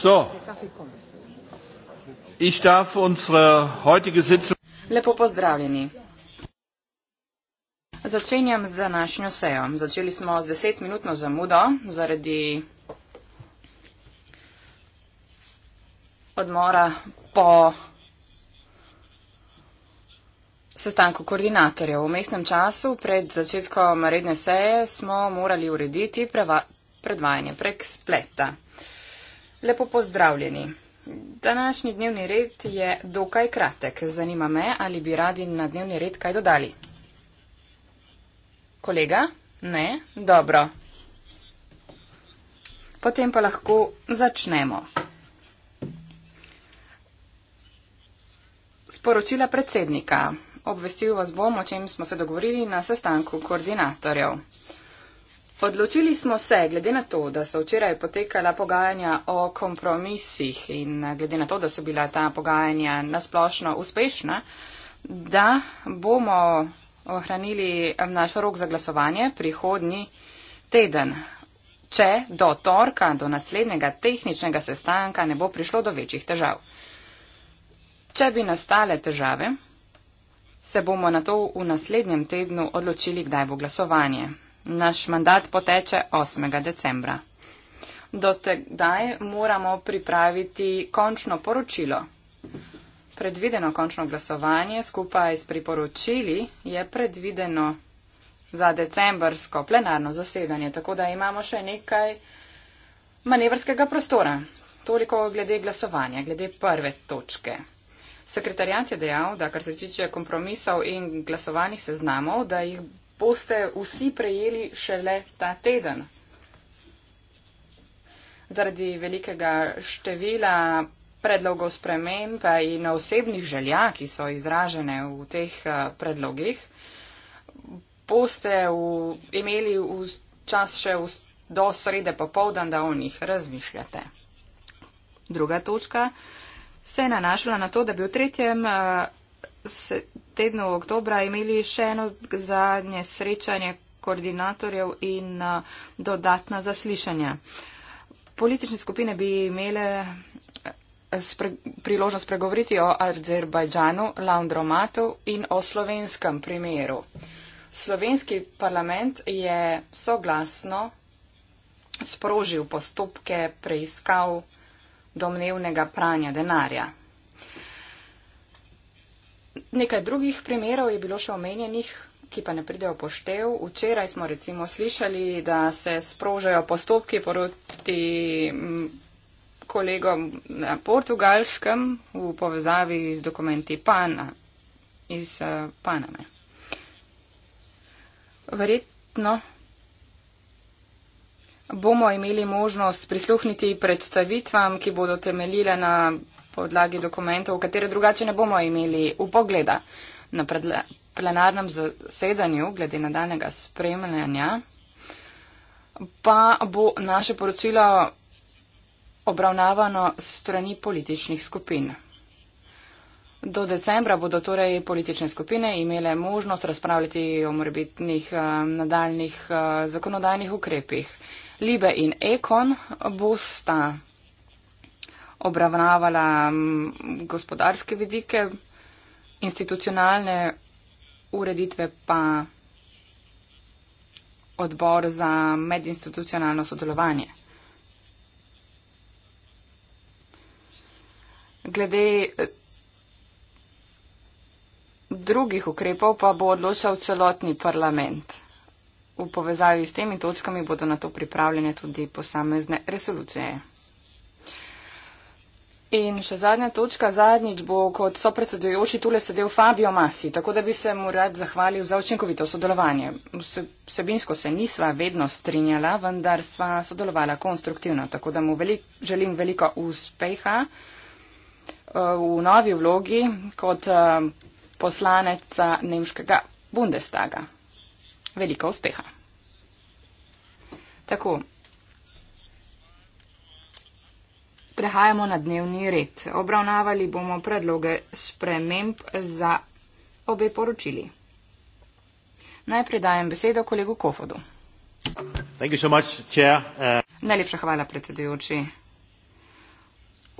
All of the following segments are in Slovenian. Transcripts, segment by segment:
So. Ich darf unsere heutige Sitzung. Lepo pozdravljeni. Začenjam z današnjo sejo. Začeli smo z desetminutno zamudo zaradi odmora po sestanku koordinatorjev. V mestnem času pred začetkom redne seje smo morali urediti predvajanje prek spleta. Lepo pozdravljeni. Današnji dnevni red je dokaj kratek. Zanima me, ali bi radi na dnevni red kaj dodali. Kolega? Ne? Dobro. Potem pa lahko začnemo. Sporočila predsednika. Obvestil vas bom, o čem smo se dogovorili na sestanku koordinatorjev. Odločili smo se, glede na to, da so včeraj potekala pogajanja o kompromisih in eh, glede na to, da so bila ta pogajanja nasplošno uspešna, da bomo ohranili eh, naš rok za glasovanje prihodnji teden. Če do torka, do naslednjega tehničnega sestanka ne bo prišlo do večjih težav. Če bi nastale težave, se bomo na to v naslednjem tednu odločili, kdaj bo glasovanje. Naš mandat poteče 8. decembra. Do tedaj moramo pripraviti končno poročilo. Predvideno končno glasovanje skupaj s priporočili je predvideno za decembrsko plenarno zasedanje, tako da imamo še nekaj manevrskega prostora. Toliko glede glasovanja, glede prve točke. Sekretarjant je dejal, da kar se tiče kompromisov in glasovanih seznamov, da jih boste vsi prejeli šele ta teden. Zaradi velikega števila predlogov sprememb in osebnih želja, ki so izražene v teh eh, predlogih, boste v, imeli v čas še v, do srede popovdan, da o njih razmišljate. Druga točka se je nanašala na to, da bi v tretjem eh, tednu oktobra imeli še eno zadnje srečanje koordinatorjev in uh, dodatna zaslišanja. Politične skupine bi imele uh, spre, priložnost pregovoriti o Azerbajdžanu, Laundromatu in o slovenskem primeru. Slovenski parlament je soglasno sprožil postopke preiskav domnevnega pranja denarja. Nekaj drugih primerov je bilo še omenjenih, ki pa ne pridejo poštev. Včeraj smo recimo slišali, da se sprožajo postopki proti mm, kolegom na portugalskem v povezavi z dokumenti Pana iz eh, Paname. Verjetno bomo imeli možnost prisluhniti predstavitvam, ki bodo temeljile na podlagi dokumentov, katere drugače ne bomo imeli v pogleda. Na plenarnem zasedanju, glede nadaljnega spremljanja, pa bo naše poročilo obravnavano strani političnih skupin. Do decembra bodo torej politične skupine imele možnost razpravljati o morebitnih eh, nadaljnih eh, zakonodajnih ukrepih. Libe in Ekon bosta obravnavala mm, gospodarske vidike, institucionalne ureditve pa odbor za medinstitucionalno sodelovanje. Glede eh, drugih ukrepov pa bo odločal celotni parlament. V povezavi s temi točkami bodo na to pripravljene tudi posamezne resolucije. In še zadnja točka, zadnjič bo kot sopredsedujoči tule sedel Fabio Masi, tako da bi se mu rad zahvalil za učinkovito sodelovanje. Vsebinsko se nisva vedno strinjala, vendar sva sodelovala konstruktivno, tako da mu velik, želim veliko uspeha eh, v novi vlogi kot eh, poslaneca nemškega Bundestaga. Veliko uspeha. Tako. prehajamo na dnevni red. Obravnavali bomo predloge sprememb za obe poročili. Najprej dajem besedo kolegu Kofodu. So much, uh... Najlepša hvala, predsedujoči.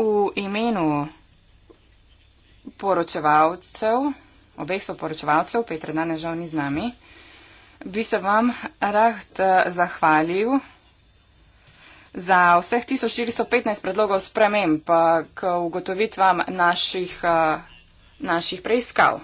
V imenu poročevalcev, obeh so poročevalcev, Petra danes žal ni z nami, bi se vam rad eh, zahvalil Za vseh 1415 predlogov sprememb k ugotovitvam naših, eh, naših preiskav.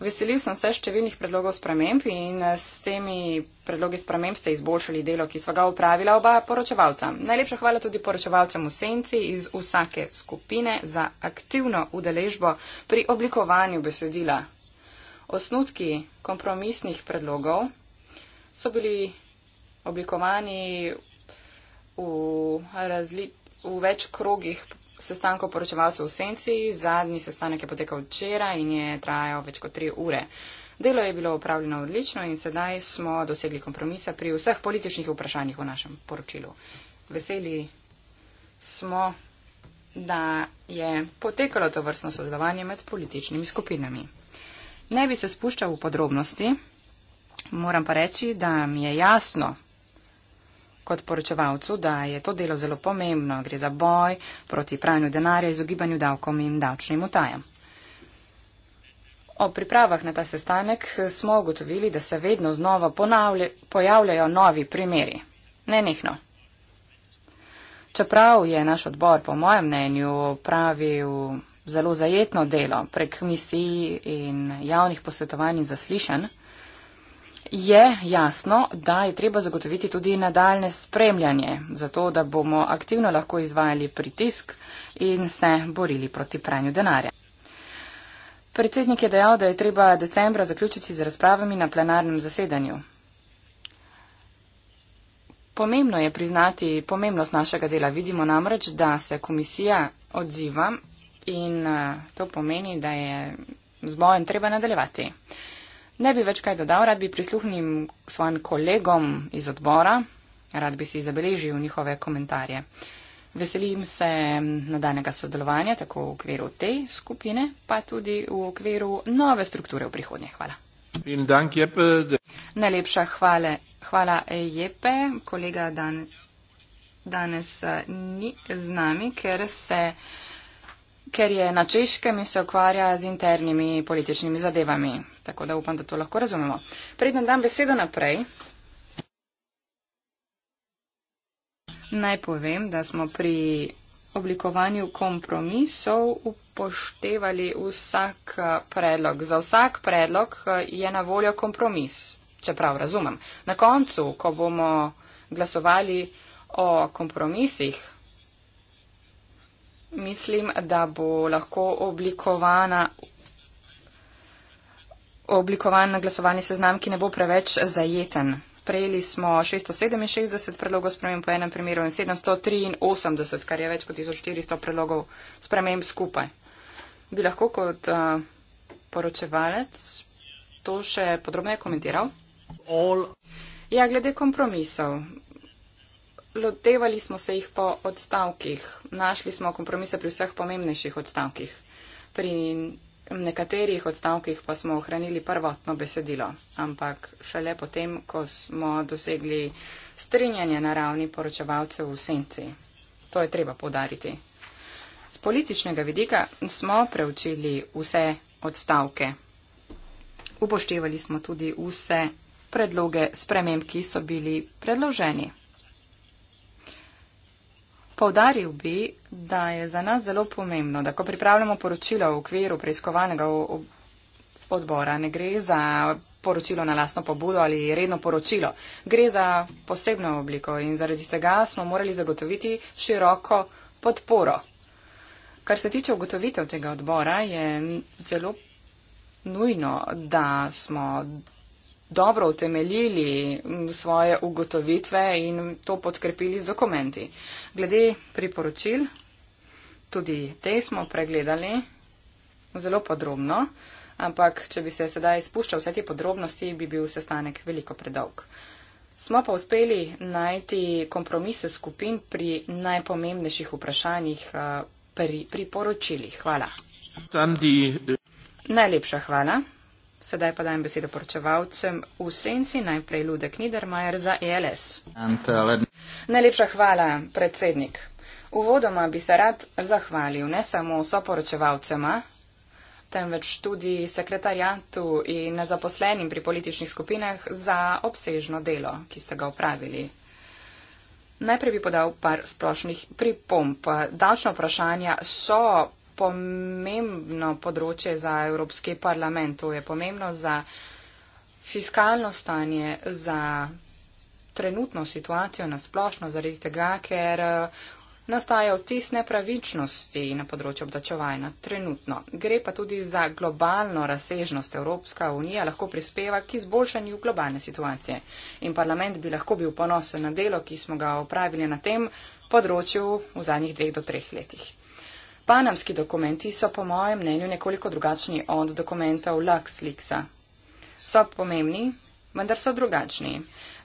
Veselil sem se številnih predlogov sprememb in eh, s temi predlogi sprememb ste izboljšali delo, ki sva ga upravila oba poročevalca. Najlepša hvala tudi poročevalcem v senci iz vsake skupine za aktivno udeležbo pri oblikovanju besedila. Osnutki kompromisnih predlogov so bili oblikovani v, razli, v več krogih sestankov poročevalcev v senci. Zadnji sestanek je potekal včeraj in je trajal več kot tri ure. Delo je bilo upravljeno odlično in sedaj smo dosegli kompromisa pri vseh političnih vprašanjih v našem poročilu. Veseli smo, da je potekalo to vrstno sodelovanje med političnimi skupinami. Ne bi se spuščal v podrobnosti, moram pa reči, da mi je jasno, kot poročevalcu, da je to delo zelo pomembno. Gre za boj proti pranju denarja, izogibanju davkom in davčnim utajam. O pripravah na ta sestanek smo ugotovili, da se vedno znova pojavljajo novi primeri. Nenehno. Čeprav je naš odbor, po mojem mnenju, pravil zelo zajetno delo prek misij in javnih posvetovanj in zaslišanj, je jasno, da je treba zagotoviti tudi nadaljne spremljanje, zato da bomo aktivno lahko izvajali pritisk in se borili proti pranju denarja. Predsednik je dejal, da je treba decembra zaključiti z razpravami na plenarnem zasedanju. Pomembno je priznati pomembnost našega dela. Vidimo namreč, da se komisija odziva in eh, to pomeni, da je z bojem treba nadaljevati. Ne bi več kaj dodal, rad bi prisluhnil svojim kolegom iz odbora, rad bi si zabeležil njihove komentarje. Veselim se nadaljnega sodelovanja tako v okviru te skupine, pa tudi v okviru nove strukture v prihodnje. Hvala. Dank, Jeppe, de... Najlepša hvale. hvala, Jepe. Kolega dan, danes eh, ni z nami, ker, se, ker je na češkem in se ukvarja z internimi političnimi zadevami. Tako da upam, da to lahko razumemo. Preden dam besedo naprej. Naj povem, da smo pri oblikovanju kompromisov upoštevali vsak eh, predlog. Za vsak predlog eh, je na voljo kompromis, čeprav razumem. Na koncu, ko bomo glasovali o kompromisih, mislim, da bo lahko oblikovana oblikovan glasovalni seznam, ki ne bo preveč zajeten. Prejeli smo 667 predlogov sprememb po enem primeru in 783, kar je več kot 1400 predlogov sprememb skupaj. Bi lahko kot uh, poročevalec to še podrobneje komentiral? All. Ja, glede kompromisov. Lotevali smo se jih po odstavkih. Našli smo kompromise pri vseh pomembnejših odstavkih. Pri V nekaterih odstavkih pa smo ohranili prvotno besedilo, ampak šele potem, ko smo dosegli strinjanje na ravni poročevalcev v senci. To je treba podariti. Z političnega vidika smo preučili vse odstavke. Upoštevali smo tudi vse predloge sprememb, ki so bili predloženi. Povdaril bi, da je za nas zelo pomembno, da ko pripravljamo poročilo v okviru preiskovalnega odbora, ne gre za poročilo na lasno pobudo ali redno poročilo. Gre za posebno obliko in zaradi tega smo morali zagotoviti široko podporo. Kar se tiče ugotovitev tega odbora, je zelo nujno, da smo dobro utemeljili svoje ugotovitve in to podkrepili z dokumenti. Glede priporočil, tudi te smo pregledali zelo podrobno, ampak če bi se sedaj spuščal vse te podrobnosti, bi bil sestanek veliko predolg. Smo pa uspeli najti kompromise skupin pri najpomembnejših vprašanjih eh, pri priporočilih. Hvala. Najlepša hvala. Sedaj pa dajem besedo poročevalcem v senci, najprej Ludek Niedermayer za ELS. Uh, Najlepša hvala, predsednik. Uvodoma bi se rad zahvalil ne samo soporočevalcema, temveč tudi sekretarjatu in zaposlenim pri političnih skupinah za obsežno delo, ki ste ga upravili. Najprej bi podal par splošnih pripomp. Davčno vprašanje so pomembno področje za Evropski parlament, to je pomembno za fiskalno stanje, za trenutno situacijo na splošno, zaradi tega, ker eh, nastaja vtis nepravičnosti na področju obdačevanja trenutno. Gre pa tudi za globalno razsežnost. Evropska unija lahko prispeva k izboljšanju globalne situacije in parlament bi lahko bil ponosen na delo, ki smo ga opravili na tem področju v zadnjih dveh do treh letih. Panamski dokumenti so po mojem mnenju nekoliko drugačni od dokumentov LuxLeaksa. So pomembni, vendar so drugačni.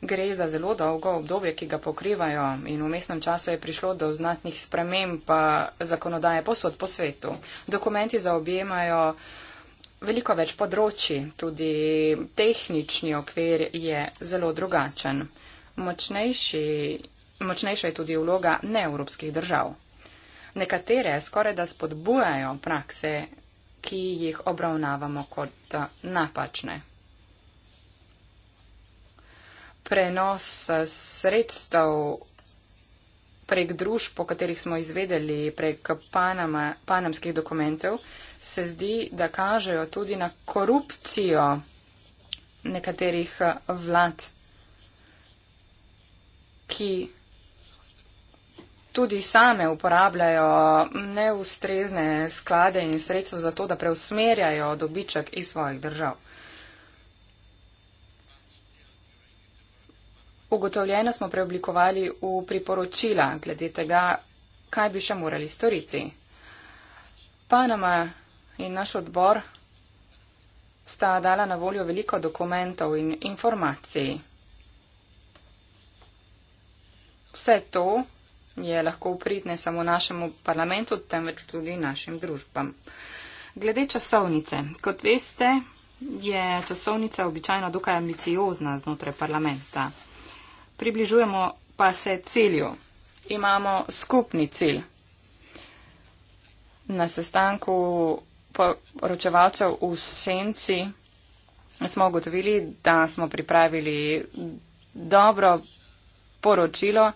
Gre za zelo dolgo obdobje, ki ga pokrivajo in v mestnem času je prišlo do znatnih sprememb eh, zakonodaje posod po svetu. Dokumenti zaobjemajo veliko več področji, tudi tehnični okvir je zelo drugačen. Močnejši, močnejša je tudi vloga neevropskih držav. Nekatere skoraj da spodbujajo prakse, ki jih obravnavamo kot eh, napačne. Prenos eh, sredstev prek družb, po katerih smo izvedeli prek panama, panamskih dokumentov, se zdi, da kažejo tudi na korupcijo nekaterih eh, vlad, ki tudi same uporabljajo neustrezne sklade in sredstva za to, da preusmerjajo dobiček iz svojih držav. Ugotovljeno smo preoblikovali v priporočila glede tega, kaj bi še morali storiti. Panama in naš odbor sta dala na voljo veliko dokumentov in informacij. Vse to je lahko uprit ne samo našemu parlamentu, temveč tudi našim družbam. Glede časovnice. Kot veste, je časovnica običajno dokaj ambiciozna znotraj parlamenta. Približujemo pa se cilju. Imamo skupni cilj. Na sestanku poročevalcev v Senci smo ugotovili, da smo pripravili dobro poročilo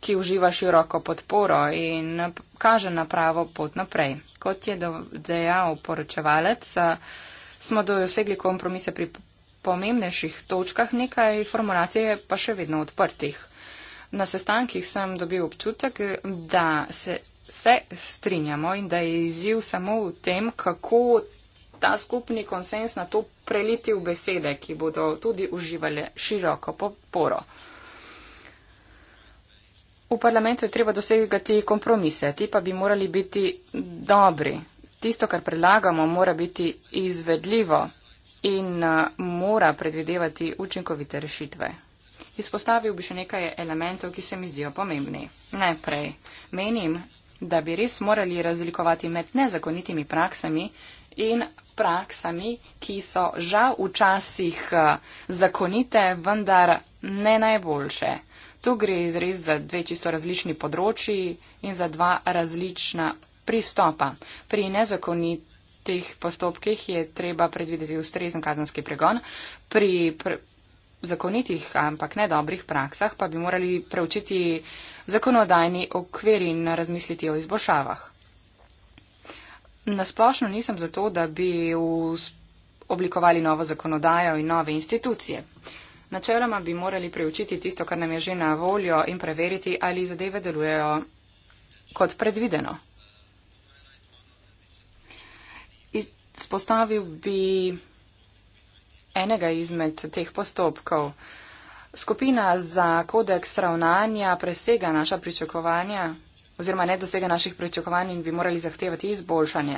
ki uživa široko podporo in kaže na pravo pot naprej. Kot je dejal poročevalec, smo dosegli kompromise pri pomembnejših točkah, nekaj formulacij je pa še vedno odprtih. Na sestankih sem dobil občutek, da se, se strinjamo in da je izziv samo v tem, kako ta skupni konsens na to preliti v besede, ki bodo tudi uživali široko podporo. V parlamentu je treba dosegati kompromise, ti pa bi morali biti dobri. Tisto, kar predlagamo, mora biti izvedljivo in uh, mora predvidevati učinkovite rešitve. Izpostavil bi še nekaj elementov, ki se mi zdijo pomembni. Najprej, menim, da bi res morali razlikovati med nezakonitimi praksami in praksami, ki so žal včasih uh, zakonite, vendar ne najboljše. Tu gre res za dve čisto različni področji in za dva različna pristopa. Pri nezakonitih postopkih je treba predvideti ustrezen kazanski pregon. Pri pr zakonitih, ampak ne dobrih praksah pa bi morali preučiti zakonodajni okvir in razmisliti o izboljšavah. Nasplošno nisem zato, da bi oblikovali novo zakonodajo in nove institucije. Uh, Načeloma bi morali preučiti tisto, kar nam je že na voljo in preveriti, ali zadeve delujejo kot predvideno. Spostavil bi enega izmed teh postopkov. Skupina za kodeks ravnanja presega naša pričakovanja oziroma ne dosega naših pričakovanj in bi morali zahtevati izboljšanje.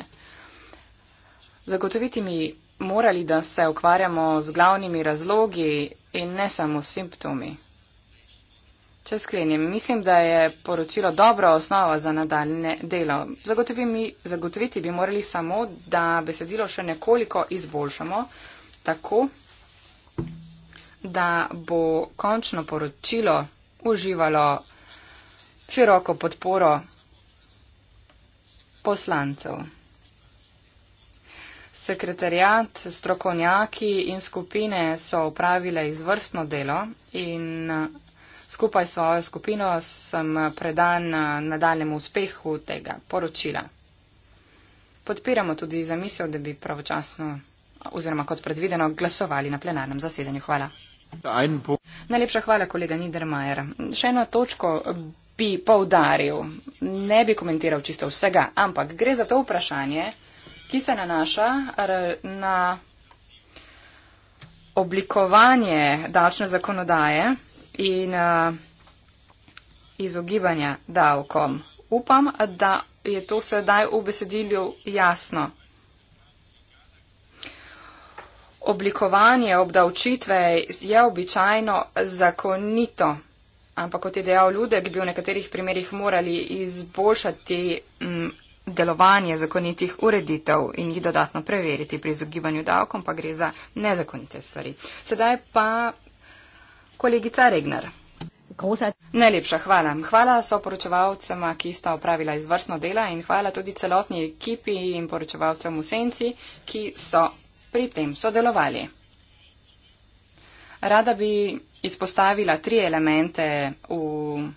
Zagotoviti mi morali, da se ukvarjamo z glavnimi razlogi in ne samo simptomi. Če sklenim, mislim, da je poročilo dobra osnova za nadaljne delo. Mi, zagotoviti bi morali samo, da besedilo še nekoliko izboljšamo, tako da bo končno poročilo uživalo široko podporo poslancev. Sekretarjat, strokovnjaki in skupine so upravile izvrstno delo in eh, skupaj s svojo skupino sem predan eh, nadaljemu uspehu tega poročila. Podpiramo tudi zamisel, da bi pravočasno oziroma kot predvideno glasovali na plenarnem zasedanju. Hvala. Najlepša hvala, kolega Niedermayer. Še eno točko bi poudaril. Ne bi komentiral čisto vsega, ampak gre za to vprašanje ki se nanaša na oblikovanje davčne zakonodaje in izogibanja davkom. Upam, da je to sedaj v besedilju jasno. Oblikovanje obdavčitve je običajno zakonito, ampak kot je dejal Ludek, bi v nekaterih primerjih morali izboljšati delovanje zakonitih ureditev in jih dodatno preveriti pri izogibanju davkom, pa gre za nezakonite stvari. Sedaj pa kolegica Regner. Najlepša hvala. Hvala so poročevalcema, ki sta opravila izvrstno dela in hvala tudi celotni ekipi in poročevalcem v senci, ki so pri tem sodelovali. Rada bi izpostavila tri elemente v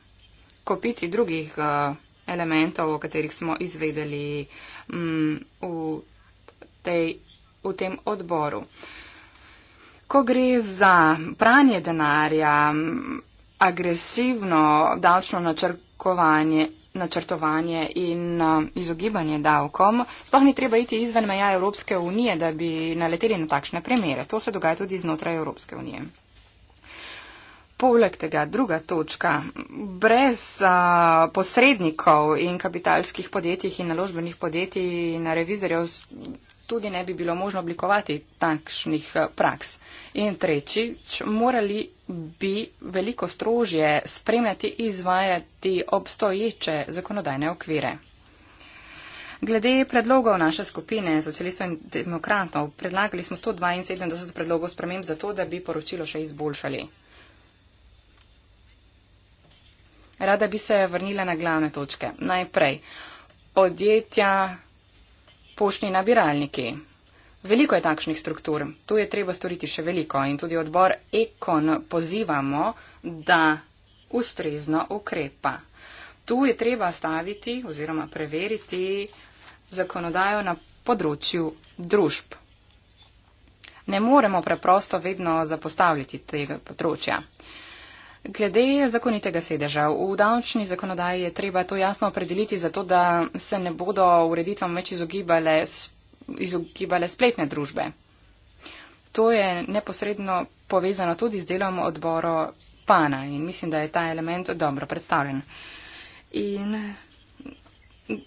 kopici drugih. Uh, elementov, o katerih smo izvedeli mm, v, tej, v tem odboru. Ko gre za pranje denarja, agresivno davčno načrkovanje, načrtovanje in uh, izogibanje davkom. Sploh ni treba iti izven meja Evropske unije, da bi naleteli na takšne primere. To se dogaja tudi znotraj Evropske unije. Poleg tega druga točka, brez a, posrednikov in kapitalskih podjetij in naložbenih podjetij in revizorjev tudi ne bi bilo možno oblikovati takšnih praks. In tretjič, morali bi veliko strožje spremljati in izvajati obstoječe zakonodajne okvire. Glede predlogov naše skupine socialistov in demokratov, predlagali smo 172 predlogov sprememb za to, da bi poročilo še izboljšali. Rada bi se vrnila na glavne točke. Najprej podjetja, poštni nabiralniki. Veliko je takšnih struktur, tu je treba storiti še veliko in tudi odbor Ekon pozivamo, da ustrezno ukrepa. Tu je treba staviti oziroma preveriti zakonodajo na področju družb. Ne moremo preprosto vedno zapostavljati tega področja. Uh, Glede zakonitega sedeža. V davčni zakonodaji je treba to jasno opredeliti, zato da se ne bodo ureditvam več izogibale, izogibale spletne družbe. To je neposredno povezano tudi z delom odboro PANA in mislim, da je ta element dobro predstavljen. In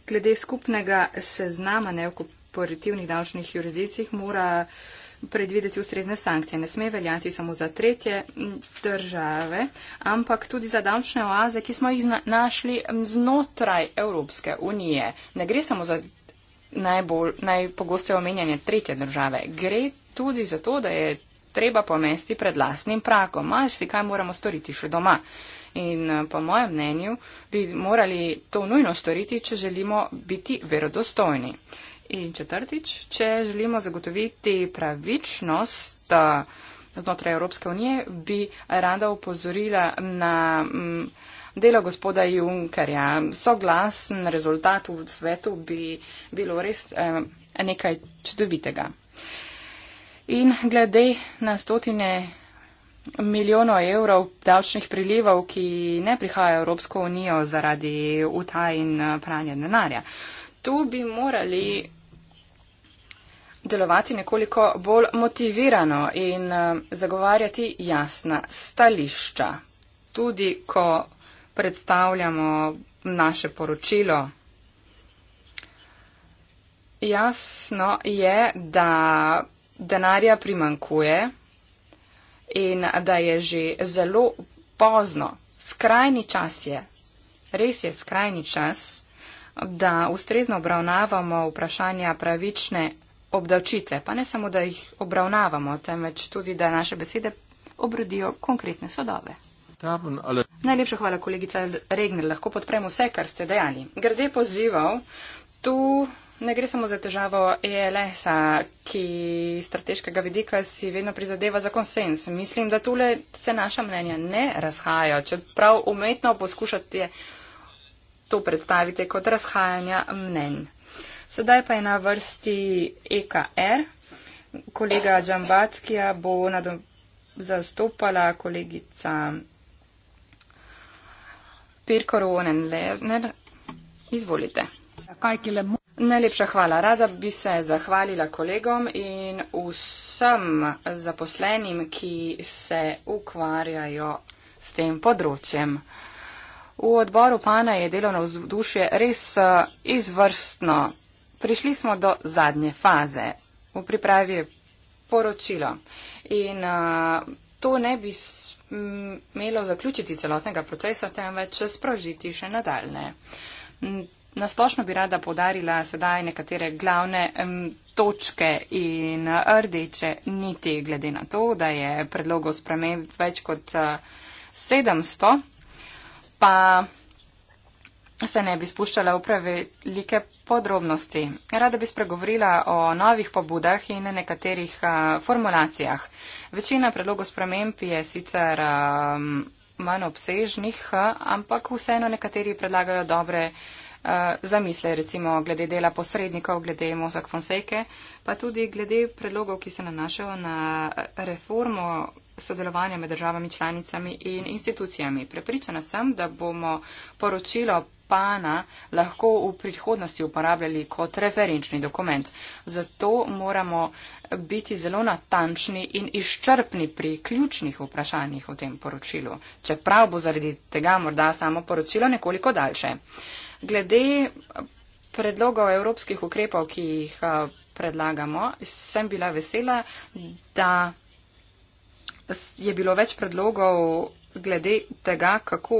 glede skupnega seznama neokoporitivnih davčnih jurisdicij mora predvideti ustrezne sankcije. Ne sme veljati samo za tretje države, ampak tudi za davčne oaze, ki smo jih našli znotraj Evropske unije. Ne gre samo za najbolj, najpogosteje omenjanje tretje države. Gre tudi za to, da je treba pomesti pred lasnim prakom. Maš si, kaj moramo storiti še doma. In eh, po mojem mnenju bi morali to nujno storiti, če želimo biti verodostojni. In četrtič, če želimo zagotoviti pravičnost eh, znotraj Evropske unije, bi rada upozorila na mm, delo gospoda Junkerja. Soglasen rezultat v svetu bi bilo res eh, nekaj čudovitega. In glede na stotine milijonov evrov davčnih prilivov, ki ne prihajajo Evropsko unijo zaradi utaj in pranja denarja. Tu bi morali delovati nekoliko bolj motivirano in eh, zagovarjati jasna stališča. Tudi, ko predstavljamo naše poročilo. Jasno je, da denarja primankuje in da je že zelo pozno. Skrajni čas je, res je skrajni čas, da ustrezno obravnavamo vprašanja pravične obdavčitve. Pa ne samo, da jih obravnavamo, temveč tudi, da naše besede obrodijo konkretne sodove. Najlepša hvala, kolegica Regner. Lahko podprem vse, kar ste dejali. Grde pozival, tu ne gre samo za težavo ELS-a, ki strateškega vidika si vedno prizadeva za konsens. Mislim, da tule se naša mnenja ne razhajajo, čeprav umetno poskušate to predstaviti kot razhajanja mnenj. Sedaj pa je na vrsti EKR. Kolega Džambackija bo nadom, zastopala kolegica Pirkoronen Lerner. Izvolite. Najlepša hvala. Rada bi se zahvalila kolegom in vsem zaposlenim, ki se ukvarjajo s tem področjem. V odboru pana je delovno vzdušje res eh, izvrstno prišli smo do zadnje faze v pripravi poročilo. In uh, to ne bi smelo zaključiti celotnega procesa, temveč sprožiti še nadaljne. Nasplošno bi rada podarila sedaj nekatere glavne um, točke in rdeče niti, glede na to, da je predlogov sprememb več kot uh, 700, pa se ne bi spuščala v prevelike podrobnosti. Rada bi spregovorila o novih pobudah in nekaterih formulacijah. Večina predlogov sprememb je sicer manj obsežnih, ampak vseeno nekateri predlagajo dobre zamisle, recimo glede dela posrednikov, glede mozak Fonseke, pa tudi glede predlogov, ki se nanašajo na reformo sodelovanja med državami članicami in institucijami. Prepričana sem, da bomo poročilo pana lahko v prihodnosti uporabljali kot referenčni dokument. Zato moramo biti zelo natančni in izčrpni pri ključnih vprašanjih v tem poročilu, čeprav bo zaradi tega morda samo poročilo nekoliko daljše. Glede predlogov evropskih ukrepov, ki jih eh, predlagamo, sem bila vesela, da je bilo več predlogov glede tega, kako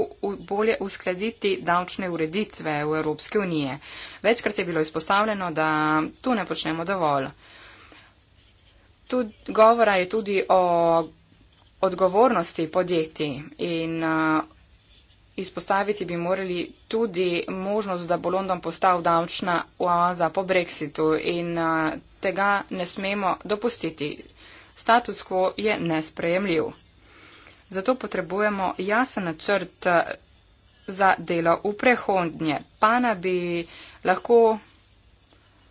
bolje uskladiti davčne ureditve v Evropske unije. Večkrat je bilo izpostavljeno, da tu ne počnemo dovolj. Tud, govora je tudi o odgovornosti podjetij in uh, izpostaviti bi morali tudi možnost, da bo London postal davčna oaza po brexitu in uh, tega ne smemo dopustiti status quo je nesprejemljiv. Zato potrebujemo jasen načrt eh, za delo v prehodnje. Pana bi lahko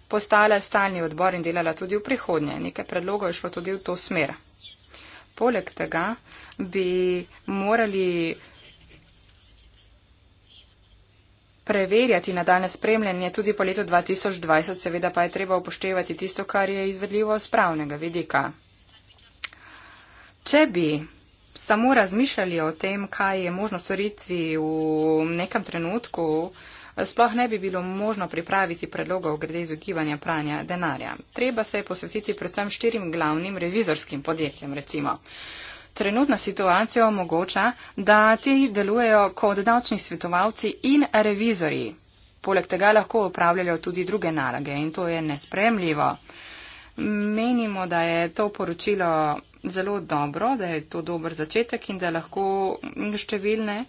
postala stalni odbor in delala tudi v prihodnje. Nekaj predlogov je šlo tudi v to smer. Poleg tega bi morali preverjati nadaljne spremljanje tudi po letu 2020, seveda pa je treba upoštevati tisto, kar je izvedljivo z pravnega vidika. Če bi samo razmišljali o tem, kaj je možno storiti v nekem trenutku, sploh ne bi bilo možno pripraviti predlogov glede izogibanja pranja denarja. Treba se je posvetiti predvsem štirim glavnim revizorskim podjetjem, recimo. Trenutna situacija omogoča, da ti delujejo kot davčni svetovalci in revizori. Poleg tega lahko upravljajo tudi druge naloge in to je nespremljivo. Menimo, da je to poročilo zelo dobro, da je to dober začetek in da lahko številne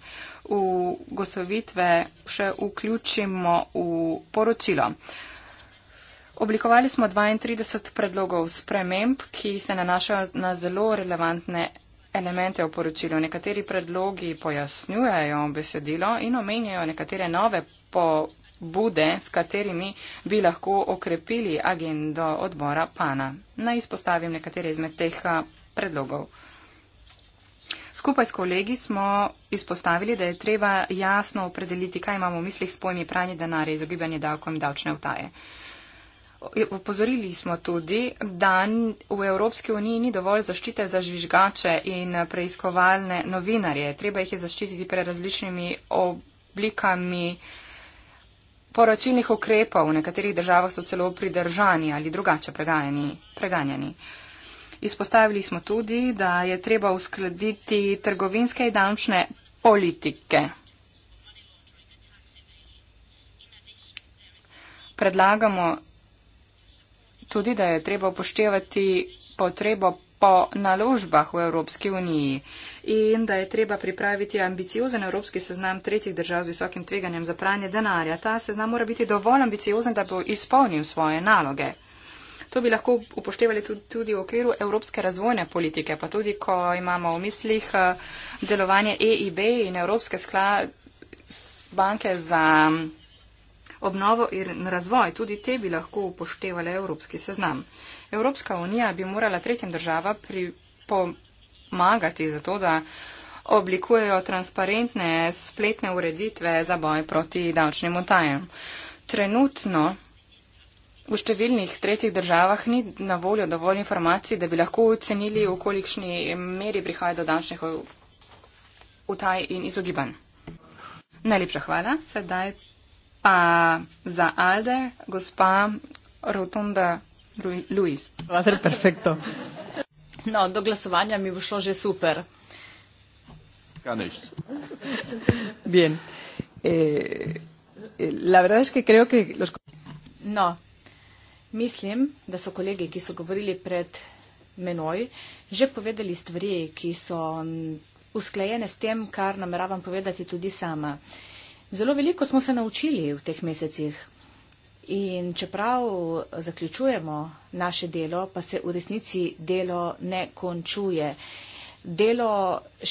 ugotovitve še vključimo v poročilo. Oblikovali smo 32 predlogov sprememb, ki se nanašajo na zelo relevantne elemente v poročilu. Nekateri predlogi pojasnjujejo besedilo in omenjajo nekatere nove po pobude, s katerimi bi lahko okrepili agendo odbora PANA. Naj izpostavim nekatere izmed teh predlogov. Skupaj s kolegi smo izpostavili, da je treba jasno opredeliti, kaj imamo v mislih s pojmi pranje denarja, izogibanje davkom in davčne utaje. Opozorili smo tudi, da v Evropski uniji ni dovolj zaščite za žvižgače in preiskovalne novinarje. Treba jih je zaščititi pre različnimi oblikami poročilnih ukrepov v nekaterih državah so celo pridržani ali drugače preganjani. preganjani. Izpostavili smo tudi, da je treba uskladiti trgovinske in davčne politike. Predlagamo tudi, da je treba upoštevati potrebo po naložbah v Evropski uniji in da je treba pripraviti ambiciozen evropski seznam tretjih držav z visokim tveganjem za pranje denarja. Ta seznam mora biti dovolj ambiciozen, da bo izpolnil svoje naloge. To bi lahko upoštevali tudi v okviru evropske razvojne politike, pa tudi, ko imamo v mislih eh, delovanje EIB in Evropske banke za obnovo in razvoj. Tudi te bi lahko upoštevali evropski seznam. Evropska unija bi morala tretjim država pomagati za to, da oblikujejo transparentne spletne ureditve za boj proti davčnim utajem. Trenutno v številnih tretjih državah ni na voljo dovolj informacij, da bi lahko ocenili, v kolikšni meri prihaja do davčnih utaj in izogiban. Najlepša hvala. Sedaj pa za Alde, gospa Rotunda Luis. Va a ser perfecto. No, do glasovanja mi bo šlo že super. Bien. Eh, eh, la verdad es que creo que los... No, mislim, da so kolegi, ki so govorili pred menoj, že povedali stvari, ki so mm, usklajene s tem, kar nameravam povedati tudi sama. Zelo veliko smo se naučili v teh mesecih. In čeprav zaključujemo naše delo, pa se v resnici delo ne končuje. Delo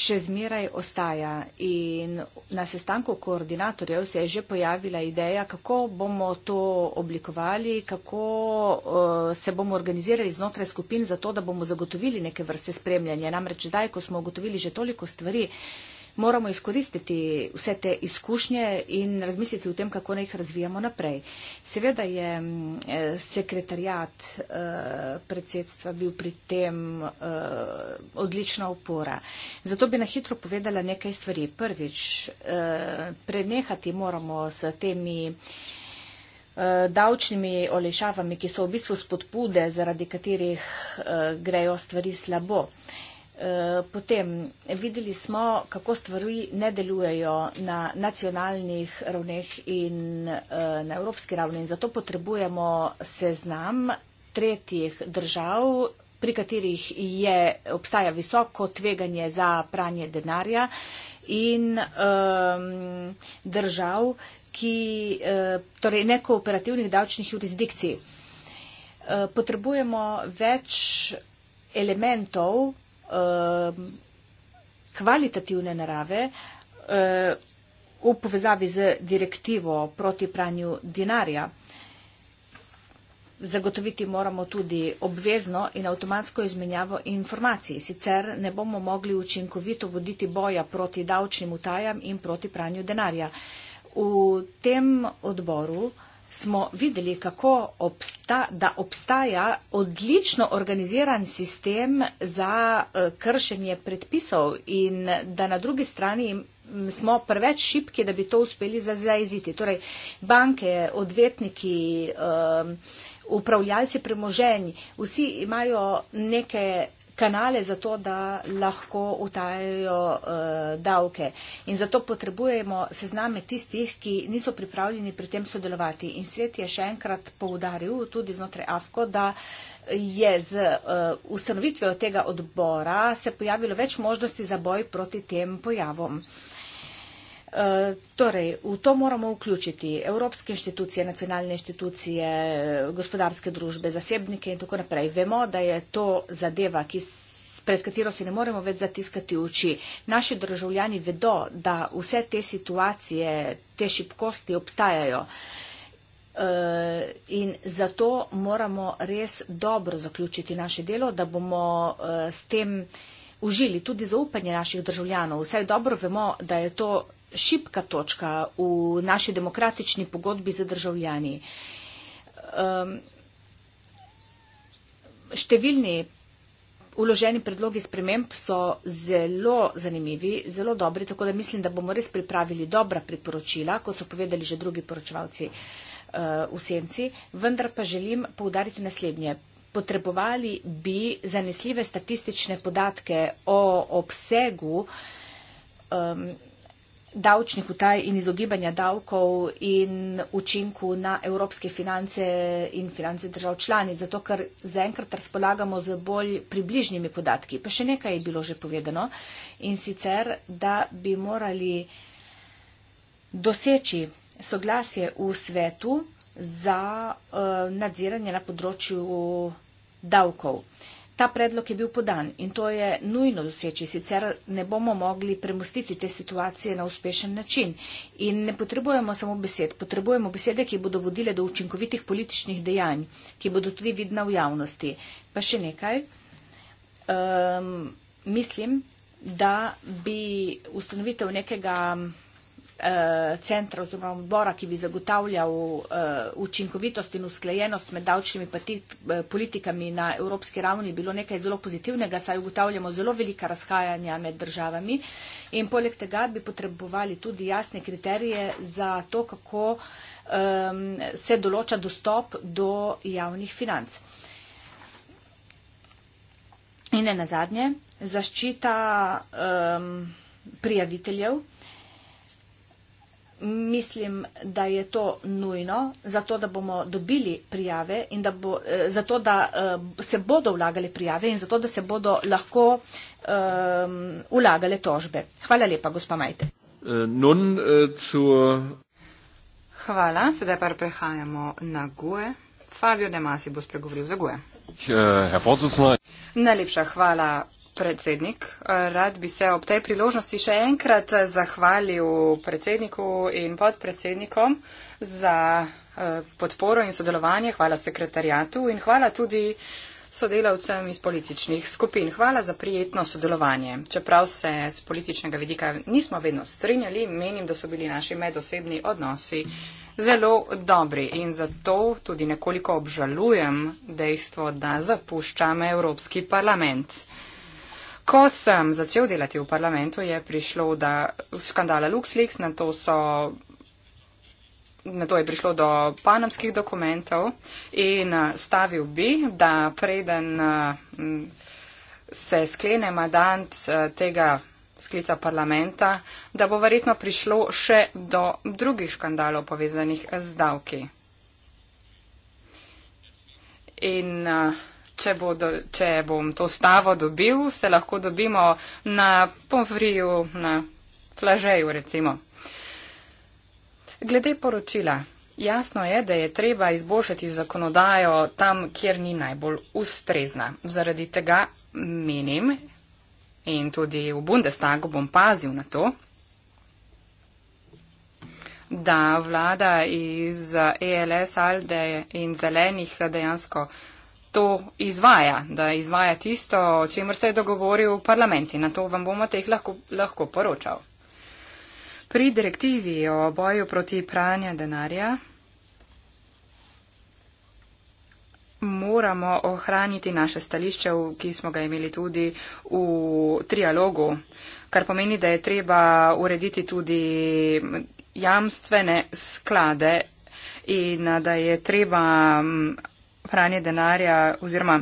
še zmeraj ostaja in na sestanku koordinatorjev se je že pojavila ideja, kako bomo to oblikovali, kako uh, se bomo organizirali znotraj skupin za to, da bomo zagotovili neke vrste spremljanja. Namreč zdaj, ko smo ugotovili že toliko stvari, uh, moramo izkoristiti vse te izkušnje in razmisliti o tem, kako naj jih razvijamo naprej. Seveda je mm, eh, sekretarjat eh, predsedstva bil pri tem eh, odlična opora. Zato bi na hitro povedala nekaj stvari. Prvič, prenehati moramo s temi davčnimi olešavami, ki so v bistvu spodpude, zaradi katerih grejo stvari slabo. Potem videli smo, kako stvari ne delujejo na nacionalnih ravneh in eh, na evropski ravni in zato potrebujemo seznam tretjih držav, pri katerih je, obstaja visoko tveganje za pranje denarja in um, držav, ki, eh, torej nekooperativnih davčnih jurisdikcij. Eh, potrebujemo več elementov, um, kvalitativne narave um, v povezavi z direktivo proti pranju denarja. Zagotoviti moramo tudi obvezno in avtomatsko izmenjavo informacij, sicer ne bomo mogli učinkovito voditi boja proti davčnim utajam in proti pranju denarja. V tem odboru uh, smo videli, kako obsta, obstaja odlično organiziran sistem za eh, kršenje predpisov in da na drugi strani smo preveč šipki, da bi to uspeli zaziti. Torej, banke, odvetniki, eh, upravljalci premoženji, vsi imajo neke kanale za to, da lahko utajajo uh, davke. In zato potrebujemo sezname tistih, ki niso pripravljeni pri tem sodelovati. In svet je še enkrat poudaril tudi znotraj AFKO, da je z uh, ustanovitvijo tega odbora se pojavilo več možnosti za boj proti tem pojavom. Uh, E, torej, v to moramo vključiti evropske inštitucije, nacionalne inštitucije, gospodarske družbe, zasebnike in tako naprej. Vemo, da je to zadeva, ki pred katero si ne moremo več zatiskati oči. Naši državljani vedo, da vse te situacije, te šibkosti obstajajo. E, in zato moramo res dobro zaključiti naše delo, da bomo e, s tem užili tudi zaupanje naših državljanov. Vsaj dobro vemo, da je to šipka točka v naši demokratični pogodbi za državljani. Um, številni uloženi predlogi sprememb so zelo zanimivi, zelo dobri, tako da mislim, da bomo res pripravili dobra priporočila, kot so povedali že drugi poročevalci uh, v Senci. Vendar pa želim poudariti naslednje. Potrebovali bi zanesljive statistične podatke o obsegu um, davčnih utaj in izogibanja davkov in učinku na evropske finance in finance držav članic, zato ker zaenkrat razpolagamo z bolj približnimi podatki. Pa še nekaj je bilo že povedano in sicer, da bi morali doseči soglasje v svetu za uh, nadziranje na področju davkov. Uh, Ta predlog je bil podan in to je nujno doseči, sicer ne bomo mogli premustiti te situacije na uspešen način. In ne potrebujemo samo besed, potrebujemo besede, ki bodo vodile do učinkovitih političnih dejanj, ki bodo tudi vidna v javnosti. Pa še nekaj. Um, mislim, da bi ustanovitev nekega. Eh, centra oziroma odbora, ki bi zagotavljal eh, učinkovitost in usklajenost med davčnimi eh, politikami na evropski ravni, bilo nekaj zelo pozitivnega, saj ugotavljamo zelo velika razhajanja med državami in poleg tega bi potrebovali tudi jasne kriterije za to, kako se določa dostop do javnih financ. In ne nazadnje, zaščita prijaviteljev mislim, da je to nujno, zato da bomo dobili prijave in da, bo, eh, zato, da eh, se bodo vlagali prijave in zato, da se bodo lahko um, vlagale tožbe. Hvala lepa, gospa Majte. Eh, nun, zur... Hvala, sedaj pa prehajamo na GUE. Fabio De Masi bo spregovoril za GUE. Najlepša hvala, predsednik. Rad bi se ob tej priložnosti še enkrat zahvalil predsedniku in podpredsednikom za eh, podporo in sodelovanje. Hvala sekretarjatu in hvala tudi sodelavcem iz političnih skupin. Hvala za prijetno sodelovanje. Čeprav se z političnega vidika nismo vedno strinjali, menim, da so bili naši medosebni odnosi zelo dobri in zato tudi nekoliko obžalujem dejstvo, da zapuščam Evropski parlament. Ko sem začel delati v parlamentu, je prišlo do skandala LuxLeaks, na to so. Na to je prišlo do panamskih dokumentov in stavil bi, da preden se sklene mandant tega sklica parlamenta, da bo verjetno prišlo še do drugih škandalov povezanih z davki. In uh, če, bo do, če bom to stavo dobil, se lahko dobimo na pomfriju, na plažeju recimo. Glede poročila. Jasno je, da je treba izboljšati zakonodajo tam, kjer ni najbolj ustrezna. Zaradi tega menim in tudi v Bundestagu bom pazil na to, da vlada iz ELS, ALDE in zelenih dejansko to izvaja, da izvaja tisto, o čemer se je dogovoril parlament in na to vam bomo teh lahko, lahko poročal. Pri direktivi o boju proti pranja denarja moramo ohraniti naše stališče, ki smo ga imeli tudi v trialogu, kar pomeni, da je treba urediti tudi jamstvene sklade in da je treba pranje denarja oziroma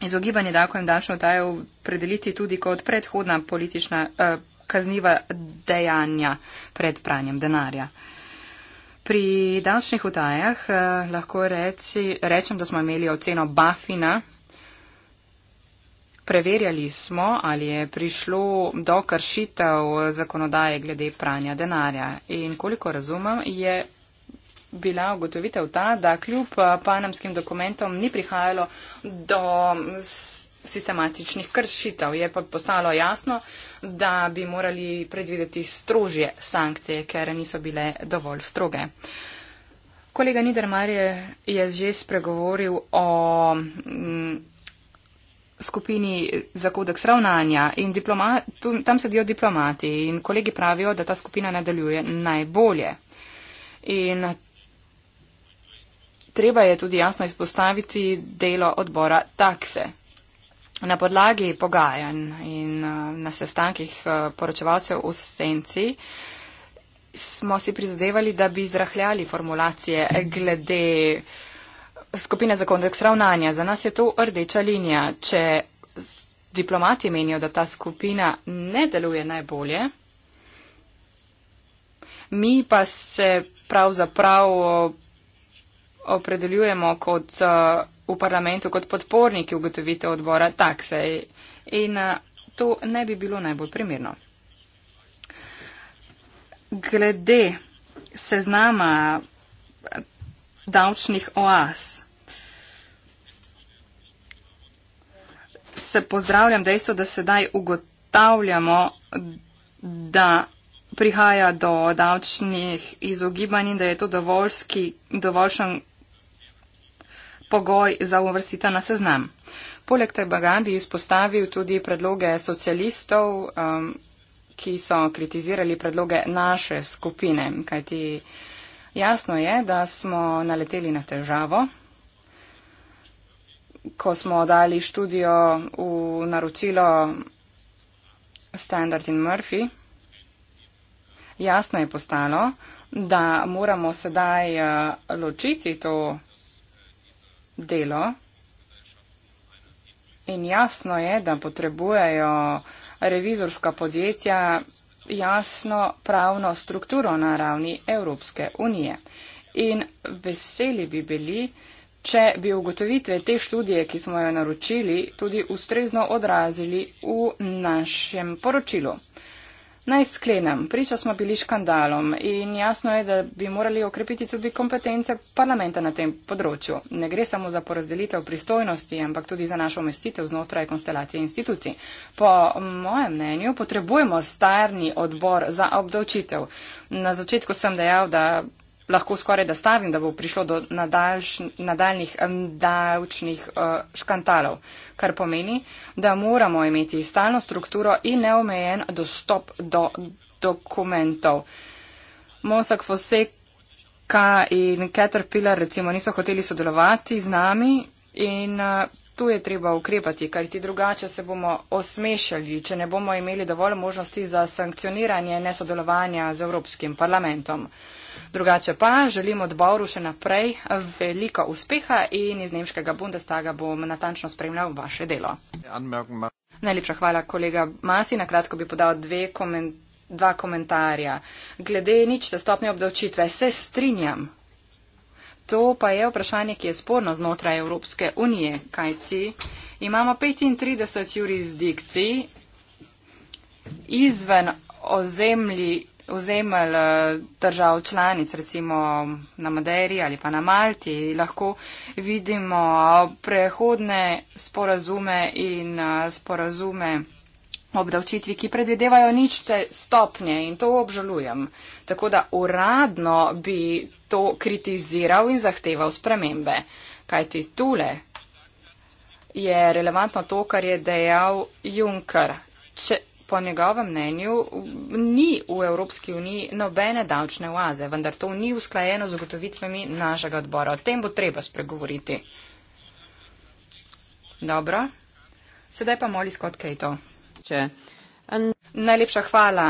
izogibanje davkov in davčno tajo predeliti tudi kot predhodna politična eh, kazniva dejanja pred pranjem denarja. Pri davčnih utajah eh, lahko reči, rečem, da smo imeli oceno Bafina. Preverjali smo, ali je prišlo do kršitev zakonodaje glede pranja denarja. In koliko razumem, je bila ugotovitev ta, da kljub eh, panamskim dokumentom ni prihajalo do sistematičnih kršitev. Je pa postalo jasno, da bi morali predvideti strožje sankcije, ker niso bile dovolj stroge. Kolega Nidermar je že spregovoril o mm, skupini za kodeks ravnanja in tam sedijo diplomati in kolegi pravijo, da ta skupina nadaljuje najbolje. In treba je tudi jasno izpostaviti delo odbora takse. Na podlagi pogajanj in eh, na sestankih eh, poročevalcev v senci smo si prizadevali, da bi zrahljali formulacije glede skupine za kontekst ravnanja. Za nas je to rdeča linija. Če diplomati menijo, da ta skupina ne deluje najbolje, mi pa se pravzaprav opredeljujemo kot uh, v parlamentu, kot podporniki ugotovitev odbora taksej. In uh, to ne bi bilo najbolj primerno. Glede seznama eh, davčnih oas. Se pozdravljam dejstvo, da sedaj ugotavljamo, da prihaja do davčnih izogibanj in da je to dovoljski, dovoljšen pogoj za uvrstitev na seznam. Poleg tega bi izpostavil tudi predloge socialistov, um, ki so kritizirali predloge naše skupine, kajti jasno je, da smo naleteli na težavo, ko smo dali študijo v naročilo Standard in Murphy. Jasno je postalo, da moramo sedaj uh, ločiti to delo in jasno je, da potrebujejo revizorska podjetja jasno pravno strukturo na ravni Evropske unije. In veseli bi bili, če bi ugotovitve te študije, ki smo jo naročili, tudi ustrezno odrazili v našem poročilu. Naj sklenem, priča smo bili škandalom in jasno je, da bi morali okrepiti tudi kompetence parlamenta na tem področju. Ne gre samo za porazdelitev pristojnosti, ampak tudi za našo umestitev znotraj konstelacije institucij. Po mojem mnenju potrebujemo starni odbor za obdavčitev. Na začetku sem dejal, da lahko skoraj da stavim, da bo prišlo do nadaljš, nadaljnih davčnih eh, škandalov, kar pomeni, da moramo imeti stalno strukturo in neomejen dostop do dokumentov. Mosak Foseka in Caterpillar recimo niso hoteli sodelovati z nami in eh, Tu je treba ukrepati, ker ti drugače se bomo osmešali, če ne bomo imeli dovolj možnosti za sankcioniranje nesodelovanja z Evropskim parlamentom. Drugače pa želim odboru še naprej veliko uspeha in iz Nemškega Bundestaga bom natančno spremljal vaše delo. Najlepša hvala, kolega Masi. Na kratko bi podal dve komentarje. Dva komentarja. Glede nič stopnje obdavčitve, se strinjam, To pa je vprašanje, ki je sporno znotraj Evropske unije, kajci imamo 35 jurisdikcij izven ozemlji, ozemelj eh, držav članic, recimo na Madeiri ali pa na Malti. Lahko vidimo prehodne sporazume in eh, sporazume obdavčitvi, ki predvidevajo nične stopnje in to obžalujem. Tako da uradno bi to kritiziral in zahteval spremembe. Kajti tule je relevantno to, kar je dejal Juncker. Če po njegovem mnenju ni v Evropski uniji nobene davčne oaze, vendar to ni usklajeno z ugotovitvami našega odbora. O tem bo treba spregovoriti. Dobro. Sedaj pa moli Scott Kato. Najlepša hvala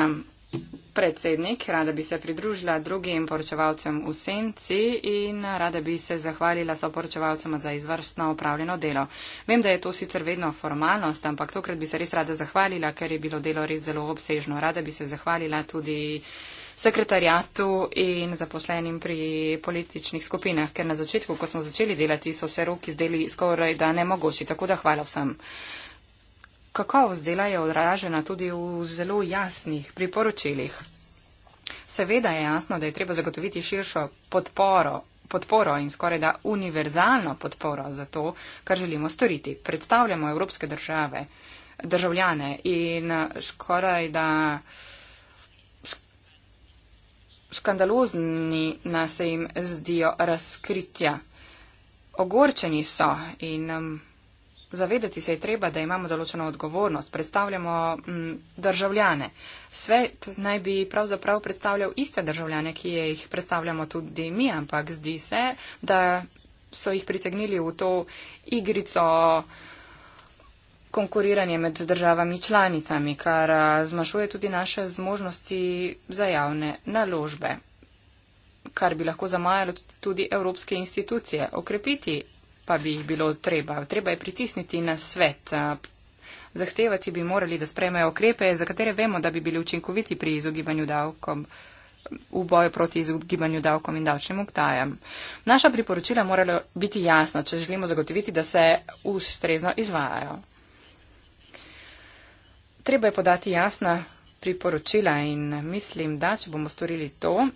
predsednik, rada bi se pridružila drugim poročevalcem v senci in rada bi se zahvalila soporočevalcem za izvrstno opravljeno delo. Vem, da je to sicer vedno formalnost, ampak tokrat bi se res rada zahvalila, ker je bilo delo res zelo obsežno. Rada bi se zahvalila tudi sekretarjatu in zaposlenim pri političnih skupinah, ker na začetku, ko smo začeli delati, so se roki zdeli skoraj da nemogoči. Tako da hvala vsem kakovost dela je odražena tudi v zelo jasnih priporočilih. Seveda je jasno, da je treba zagotoviti širšo podporo, podporo in skoraj da univerzalno podporo za to, kar želimo storiti. Predstavljamo evropske države, državljane in skoraj da skandalozni nas jim zdijo razkritja. Ogorčeni so in um, Zavedati se je treba, da imamo določeno odgovornost, predstavljamo m, mm, državljane. Svet naj bi pravzaprav predstavljal iste državljane, ki jih predstavljamo tudi mi, ampak zdi se, da so jih pritegnili v to igrico konkuriranje med državami članicami, kar zmašuje tudi naše zmožnosti za javne naložbe kar bi lahko zamajalo tudi evropske institucije. Okrepiti pa bi jih bilo treba. Treba je pritisniti na svet. Zahtevati bi morali, da sprejmejo okrepe, za katere vemo, da bi bili učinkoviti pri izogibanju davkom v boju proti izogibanju davkom in davčnim oktajem. Naša priporočila morajo biti jasna, če želimo zagotoviti, da se ustrezno izvajajo. Treba je podati jasna priporočila in mislim, da če bomo storili to,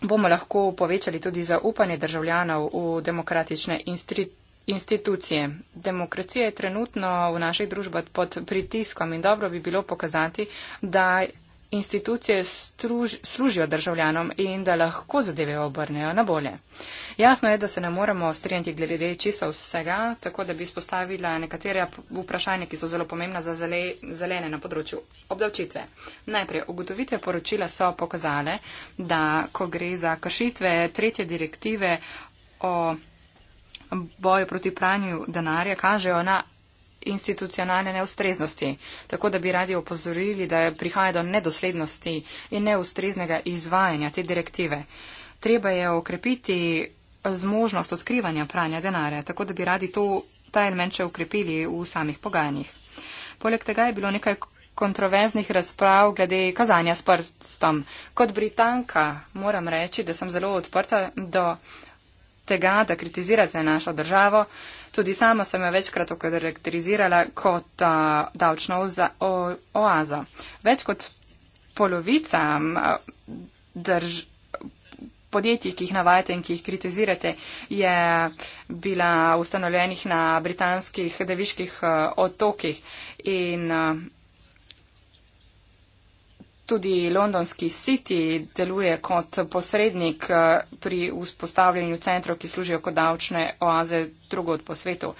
bomo lahko povečali tudi zaupanje državljanov v demokratične institucije institucije. Demokracija je trenutno v naših družbah pod pritiskom in dobro bi bilo pokazati, da institucije struž, služijo državljanom in da lahko zadeve obrnejo na bolje. Jasno je, da se ne moremo strinjati glede čisto vsega, tako da bi spostavila nekatere vprašanja, ki so zelo pomembna za zelene na področju obdavčitve. Najprej, ugotovitve poročila so pokazale, da ko gre za kršitve tretje direktive o boju proti pranju denarja kažejo na institucionalne neustreznosti. Tako da bi radi opozorili, da prihaja do nedoslednosti in neustreznega izvajanja te direktive. Treba je okrepiti zmožnost odkrivanja pranja denarja, tako da bi radi to, ta element še ukrepili v samih pogajanjih. Poleg tega je bilo nekaj kontroverznih razprav glede kazanja s prstom. Kot Britanka moram reči, da sem zelo odprta do tega, da kritizirate našo državo, tudi sama sem jo večkrat okarakterizirala kot uh, davčno oazo. Več kot polovica drž podjetij, ki jih navajate in ki jih kritizirate, je bila ustanovljenih na britanskih deviških uh, otokih in uh, Tudi londonski City deluje kot posrednik eh, pri vzpostavljanju centrov, ki služijo kot davčne oaze drugod po svetu.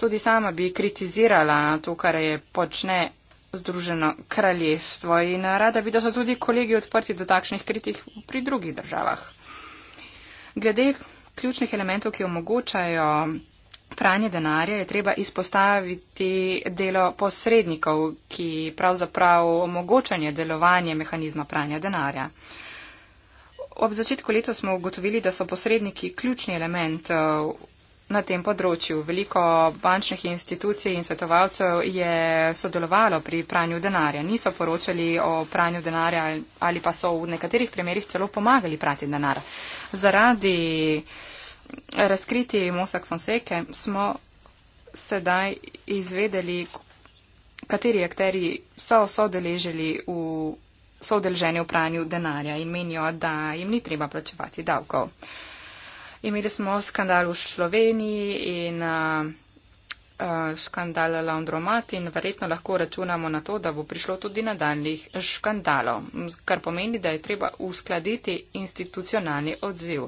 Tudi sama bi kritizirala to, kar je počne Združeno kraljestvo in rada bi, da so tudi kolegi odprti do takšnih kritik pri drugih državah. Glede ključnih elementov, ki omogočajo pranje denarja, je treba izpostaviti delo posrednikov, ki pravzaprav omogočanje delovanje mehanizma pranja denarja. Ob začetku leta smo ugotovili, da so posredniki ključni element eh, na tem področju. Veliko bančnih institucij in svetovalcev je sodelovalo pri pranju denarja. Niso poročali o pranju denarja ali pa so v nekaterih primerjih celo pomagali prati denar. Zaradi razkriti Mosak Fonseke smo sedaj izvedeli, kateri akteri so sodeleželi v sodelženju pranju denarja in menijo, da jim ni treba plačevati davkov. Imeli smo skandal v Sloveniji in uh, Eh, škandala Laundromat in verjetno lahko računamo na to, da bo prišlo tudi nadaljnih škandalov, kar pomeni, da je treba uskladiti institucionalni odziv.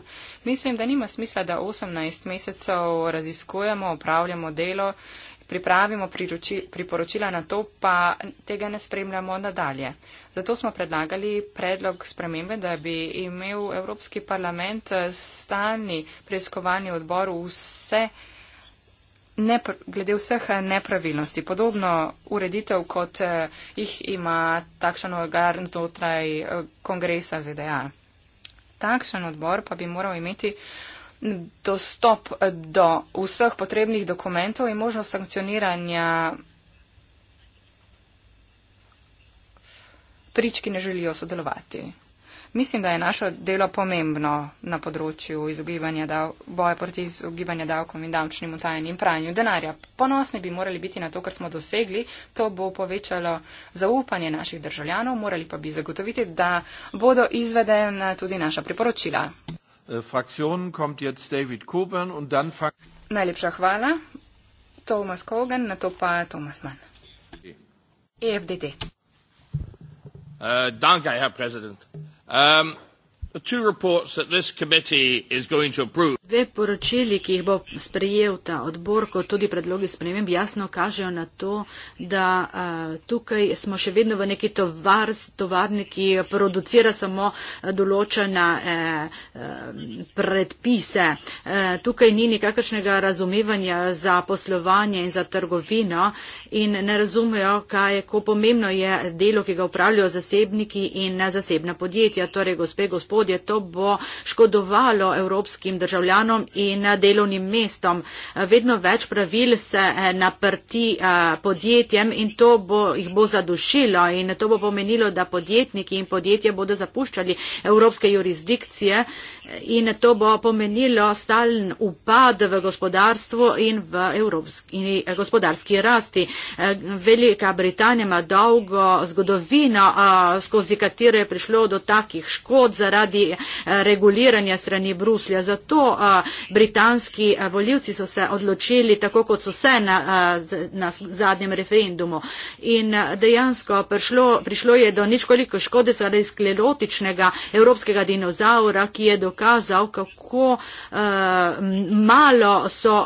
Mislim, da nima smisla, da 18 mesecev raziskujemo, upravljamo delo, pripravimo priporočila na to, pa tega ne spremljamo nadalje. Zato smo predlagali predlog spremembe, da bi imel Evropski parlament eh, stalni preiskovanje odboru vse ne, glede vseh eh, nepravilnosti, podobno ureditev, kot eh, jih ima takšen odgar znotraj eh, kongresa ZDA. Takšen odbor pa bi moral imeti dostop do vseh potrebnih dokumentov in možnost sankcioniranja prič, ki ne želijo sodelovati. Mislim, da je naše delo pomembno na področju izogibanja dav, boja proti izogibanju davkom in davčnim utajanjem in pranju denarja. Ponosni bi morali biti na to, kar smo dosegli. To bo povečalo zaupanje naših državljanov, morali pa bi zagotoviti, da bodo izvedene tudi naša priporočila. Äh, Najlepša hvala. Tomas Kogan, na to pa Tomas Mann. EFDT. E uh, äh, danke, Herr Präsident. Um, Dve poročili, ki jih bo sprejel ta odbor, kot tudi predlogi sprememb, jasno kažejo na to, da uh, tukaj smo še vedno v neki tovar, tovarni, ki producira samo eh, določene uh, eh, predpise. Uh, tukaj ni nikakršnega razumevanja za poslovanje in za trgovino in ne razumejo, kaj je, ko pomembno je delo, ki ga upravljajo zasebniki in zasebna podjetja. Torej, gospe, gospod, prihodje. To bo škodovalo evropskim državljanom in eh, delovnim mestom. Eh, vedno več pravil se eh, naprti podjetjem in to bo, jih bo zadušilo in to bo pomenilo, da podjetniki in podjetje bodo zapuščali evropske jurisdikcije in to bo pomenilo stalen upad v gospodarstvu in v evropski, in gospodarski rasti. Velika Britanija ima dolgo zgodovino, skozi katero je prišlo do takih škod zaradi zaradi eh, reguliranja strani Bruslja. Zato eh, britanski eh, voljivci so se odločili tako, kot so se na, na zadnjem referendumu. In dejansko prišlo, prišlo je do ničkoliko škode zaradi sklerotičnega evropskega dinozaura, ki je dokazal, kako malo so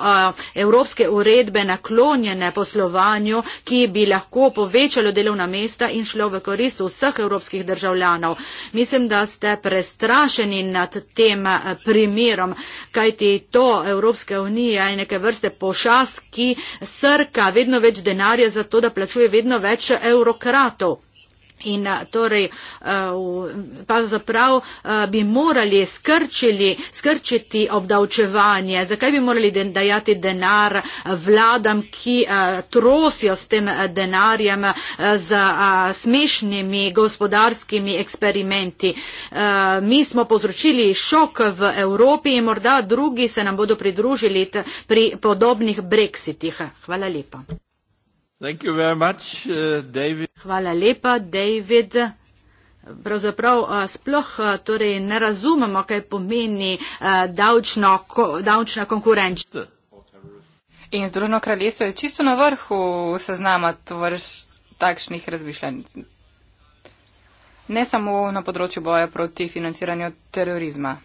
evropske uredbe naklonjene poslovanju, ki bi lahko povečalo delovna mesta in šlo v korist vseh evropskih državljanov. Mislim, da ste presenčeni prestrašeni nad tem eh, primerom, kajti to Evropska unija je neke vrste pošast, ki srka vedno več denarja za to, da plačuje vedno več evrokratov. In torej, pravzaprav bi morali skrčili, skrčiti obdavčevanje. Zakaj bi morali dajati denar vladam, ki trosijo s tem denarjem z smešnimi gospodarskimi eksperimenti? Mi smo povzročili šok v Evropi in morda drugi se nam bodo pridružili pri podobnih brexitih. Hvala lepa. Thank you very much, uh, David. Hvala lepa, David. Pravzaprav uh, sploh uh, torej, ne razumemo, kaj pomeni uh, davčno, ko, davčna konkurenčnost. In Združeno kraljestvo je čisto na vrhu seznama tvrš takšnih razmišljanj. Ne samo na področju boja proti financiranju terorizma.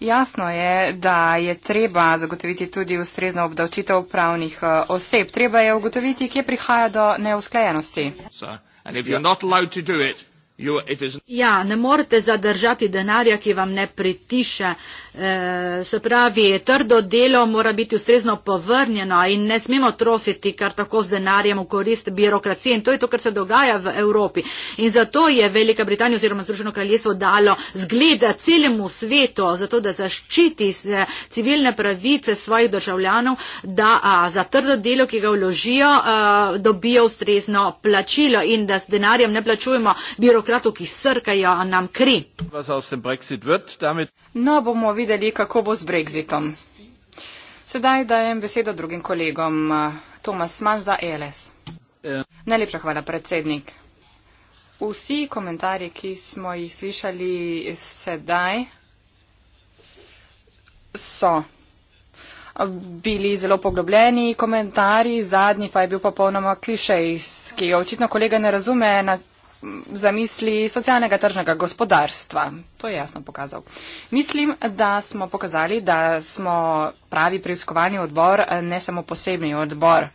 Jasno je, da je treba zagotoviti tudi ustrezno obdavčitev pravnih eh, oseb. Treba je ugotoviti, kje prihaja do neusklajenosti. Ja, ne morete zadržati denarja, ki vam ne pritiše. E, se pravi, trdo delo mora biti ustrezno povrnjeno in ne smemo trositi kar tako z denarjem v korist birokracije. In to je to, kar se dogaja v Evropi. In zato je Velika Britanija oziroma Združeno kraljestvo dalo zgleda celemu svetu, zato da zaščiti civilne pravice svojih državljanov, da a, za trdo delo, ki ga vložijo, a, e, dobijo ustrezno plačilo in da s denarjem ne plačujemo birokracije demokratov, ki srkajo nam kri. No, bomo videli, kako bo z Brexitom. Sedaj dajem besedo drugim kolegom. Tomas Mann za ELS. Ja. Najlepša hvala, predsednik. Vsi komentarji, ki smo jih slišali sedaj, so bili zelo poglobljeni. Komentarji zadnji pa je bil popolnoma klišejski. Očitno kolega ne razume na zamisli socialnega tržnega gospodarstva. To je jasno pokazal. Mislim, da smo pokazali, da smo pravi preiskovalni odbor, ne samo posebni odbor.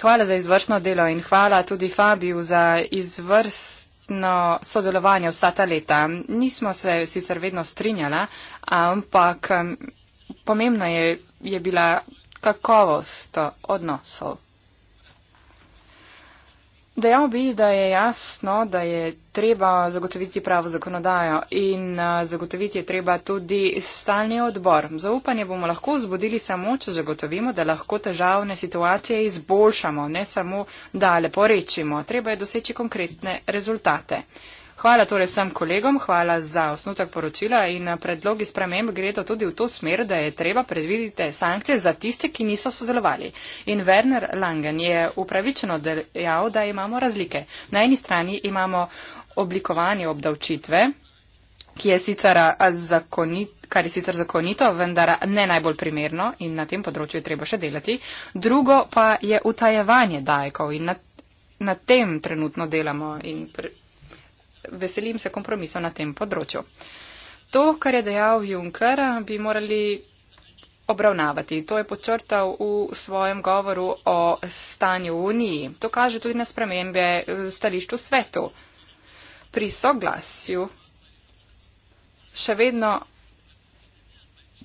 Hvala za izvršno delo in hvala tudi Fabiju za izvrstno sodelovanje vsa ta leta. Nismo se sicer vedno strinjala, ampak um, pomembno je, je bila kakovost odnosov. Dejal bi, da je jasno, da je treba zagotoviti pravo zakonodajo in eh, zagotoviti je treba tudi stalni odbor. Zaupanje bomo lahko zbudili samo, če zagotovimo, da lahko težavne situacije izboljšamo, ne samo, da lepo rečimo. Treba je doseči konkretne rezultate. Hvala torej vsem kolegom, hvala za osnutek poročila in predlogi sprememb gredo tudi v to smer, da je treba predvidite sankcije za tiste, ki niso sodelovali. In Werner Langen je upravičeno dejal, da imamo razlike. Na eni strani imamo oblikovanje obdavčitve, ki je sicer zakonit kar je sicer zakonito, vendar ne najbolj primerno in na tem področju je treba še delati. Drugo pa je utajevanje dajkov in na, na tem trenutno delamo in pri, veselim se kompromiso na tem področju. To, kar je dejal Juncker, bi morali obravnavati. To je počrtal v svojem govoru o stanju v Uniji. To kaže tudi na spremembe stališču svetu. Pri soglasju še vedno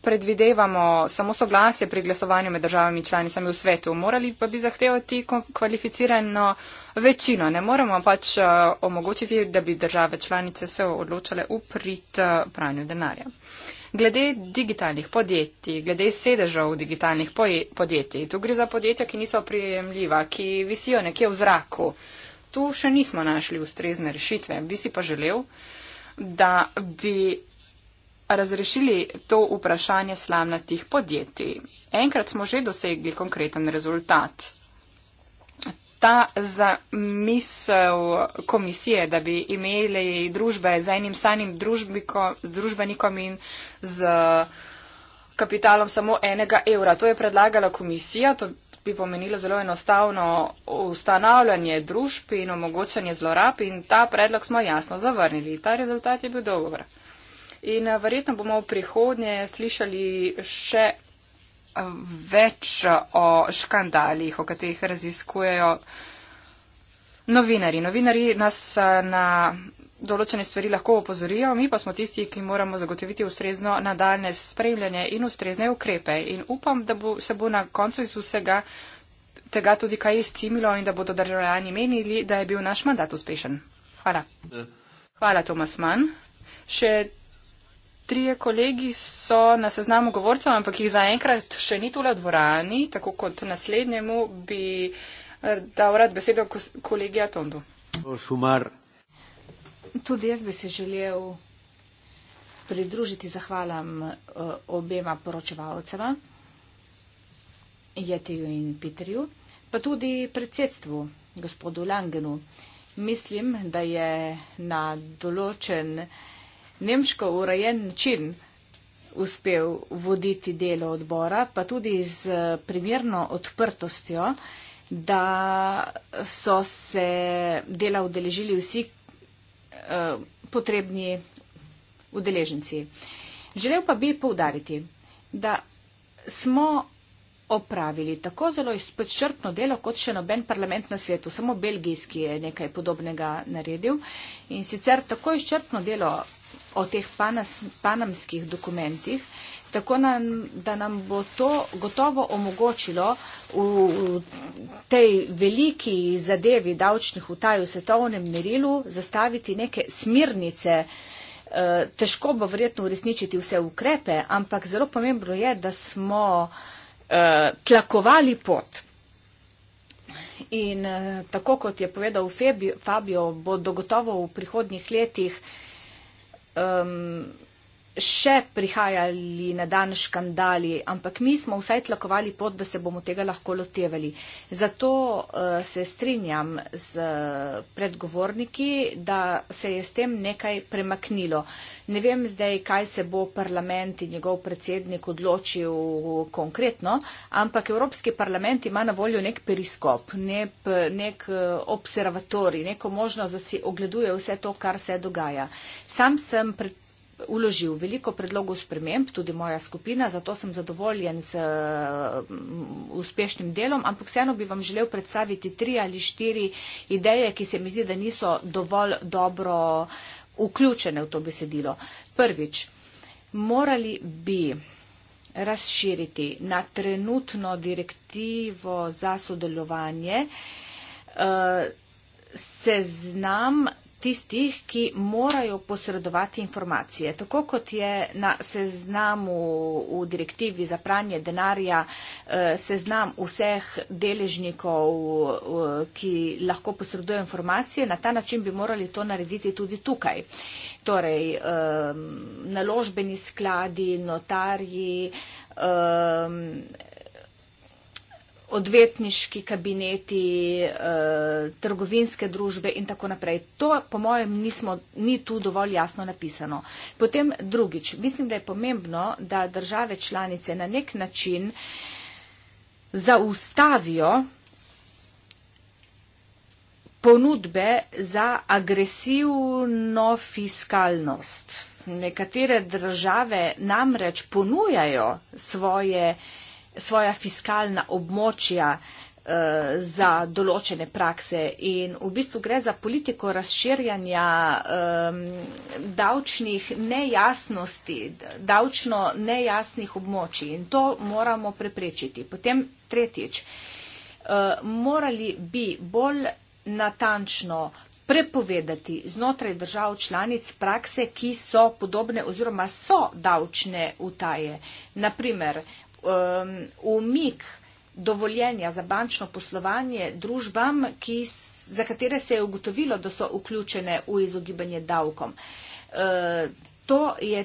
predvidevamo samo soglasje pri glasovanju med državami članicami v svetu. Morali pa bi zahtevati kvalificirano večino. Ne moremo pač eh, omogočiti, da bi države članice se odločale uprit eh, pranju denarja. Glede digitalnih podjetij, glede sedežev digitalnih podjetij, tu gre za podjetja, ki niso prijemljiva, ki visijo nekje v zraku. Tu še nismo našli ustrezne rešitve. Bi si pa želel, da bi razrešili to vprašanje slamnatih podjetij. Enkrat smo že dosegli konkreten rezultat ta zamisel komisije, da bi imeli družbe z enim samim družbenikom in z kapitalom samo enega evra. To je predlagala komisija, to bi pomenilo zelo enostavno ustanavljanje družb in omogočanje zlorab in ta predlog smo jasno zavrnili. Ta rezultat je bil dogovor. In eh, verjetno bomo v prihodnje slišali še več eh, o škandalih, o katerih raziskujejo novinari. Novinari nas eh, na določene stvari lahko opozorijo, mi pa smo tisti, ki moramo zagotoviti ustrezno nadaljne spremljanje in ustrezne ukrepe. In upam, da bo, se bo na koncu iz vsega tega tudi kaj izcimilo in da bodo državljani menili, da je bil naš mandat uspešen. Hvala. Eh. Hvala, Tomas Mann. Še Trije kolegi so na seznamu govorcev, ampak jih zaenkrat še ni tule v dvorani, tako kot naslednjemu bi eh, dal rad besedo kolegi Atondu. Šumar. Tudi jaz bi se želel pridružiti zahvalam eh, obema poročevalcema, Jetiju in Petriju, pa tudi predsedstvu, gospodu Langenu. Mislim, da je na določen način nemško urejen način uspel voditi delo odbora, pa tudi z eh, primerno odprtostjo, da so se dela udeležili vsi eh, potrebni udeleženci. Želel pa bi poudariti, da smo opravili tako zelo izpodčrpno delo, kot še noben parlament na svetu. Samo belgijski je nekaj podobnega naredil. In sicer tako izčrpno delo o teh panas, panamskih dokumentih, tako nam, da nam bo to gotovo omogočilo v tej veliki zadevi davčnih utaj v svetovnem merilu zastaviti neke smirnice. Eh, težko bo verjetno uresničiti vse ukrepe, ampak zelo pomembno je, da smo eh, tlakovali pot. In eh, tako kot je povedal Fabio, bodo gotovo v prihodnjih letih um, še prihajali na dan škandali, ampak mi smo vsaj tlakovali pot, da se bomo tega lahko lotevali. Zato uh, se strinjam z predgovorniki, da se je s tem nekaj premaknilo. Ne vem zdaj, kaj se bo parlament in njegov predsednik odločil konkretno, ampak Evropski parlament ima na voljo nek periskop, nek, nek eh, observatorij, neko možnost, da si ogleduje vse to, kar se dogaja. Sam sem pred vložil veliko predlogov sprememb, tudi moja skupina, zato sem zadovoljen z uh, uspešnim delom, ampak vseeno bi vam želel predstaviti tri ali štiri ideje, ki se mi zdi, da niso dovolj dobro vključene v to besedilo. Prvič, morali bi razširiti na trenutno direktivo za sodelovanje uh, seznam tistih, ki morajo posredovati informacije. Tako kot je na seznamu v direktivi za pranje denarja eh, seznam vseh deležnikov, eh, ki lahko posredujejo informacije, na ta način bi morali to narediti tudi tukaj. Torej, ehm, naložbeni skladi, notarji, ehm, odvetniški kabineti, eh, trgovinske družbe in tako naprej. To, po mojem, nismo, ni tu dovolj jasno napisano. Potem drugič, mislim, da je pomembno, da države članice na nek način zaustavijo ponudbe za agresivno fiskalnost. Nekatere države namreč ponujajo svoje eh, svoja fiskalna območja eh, za določene prakse in v bistvu gre za politiko razširjanja eh, davčnih nejasnosti, davčno nejasnih območij in to moramo preprečiti. Potem tretjič, eh, morali bi bolj natančno prepovedati znotraj držav članic prakse, ki so podobne oziroma so davčne utaje. Naprimer, Um, umik dovoljenja za bančno poslovanje družbam, ki, za katere se je ugotovilo, da so vključene v izogibanje davkom. Uh, to je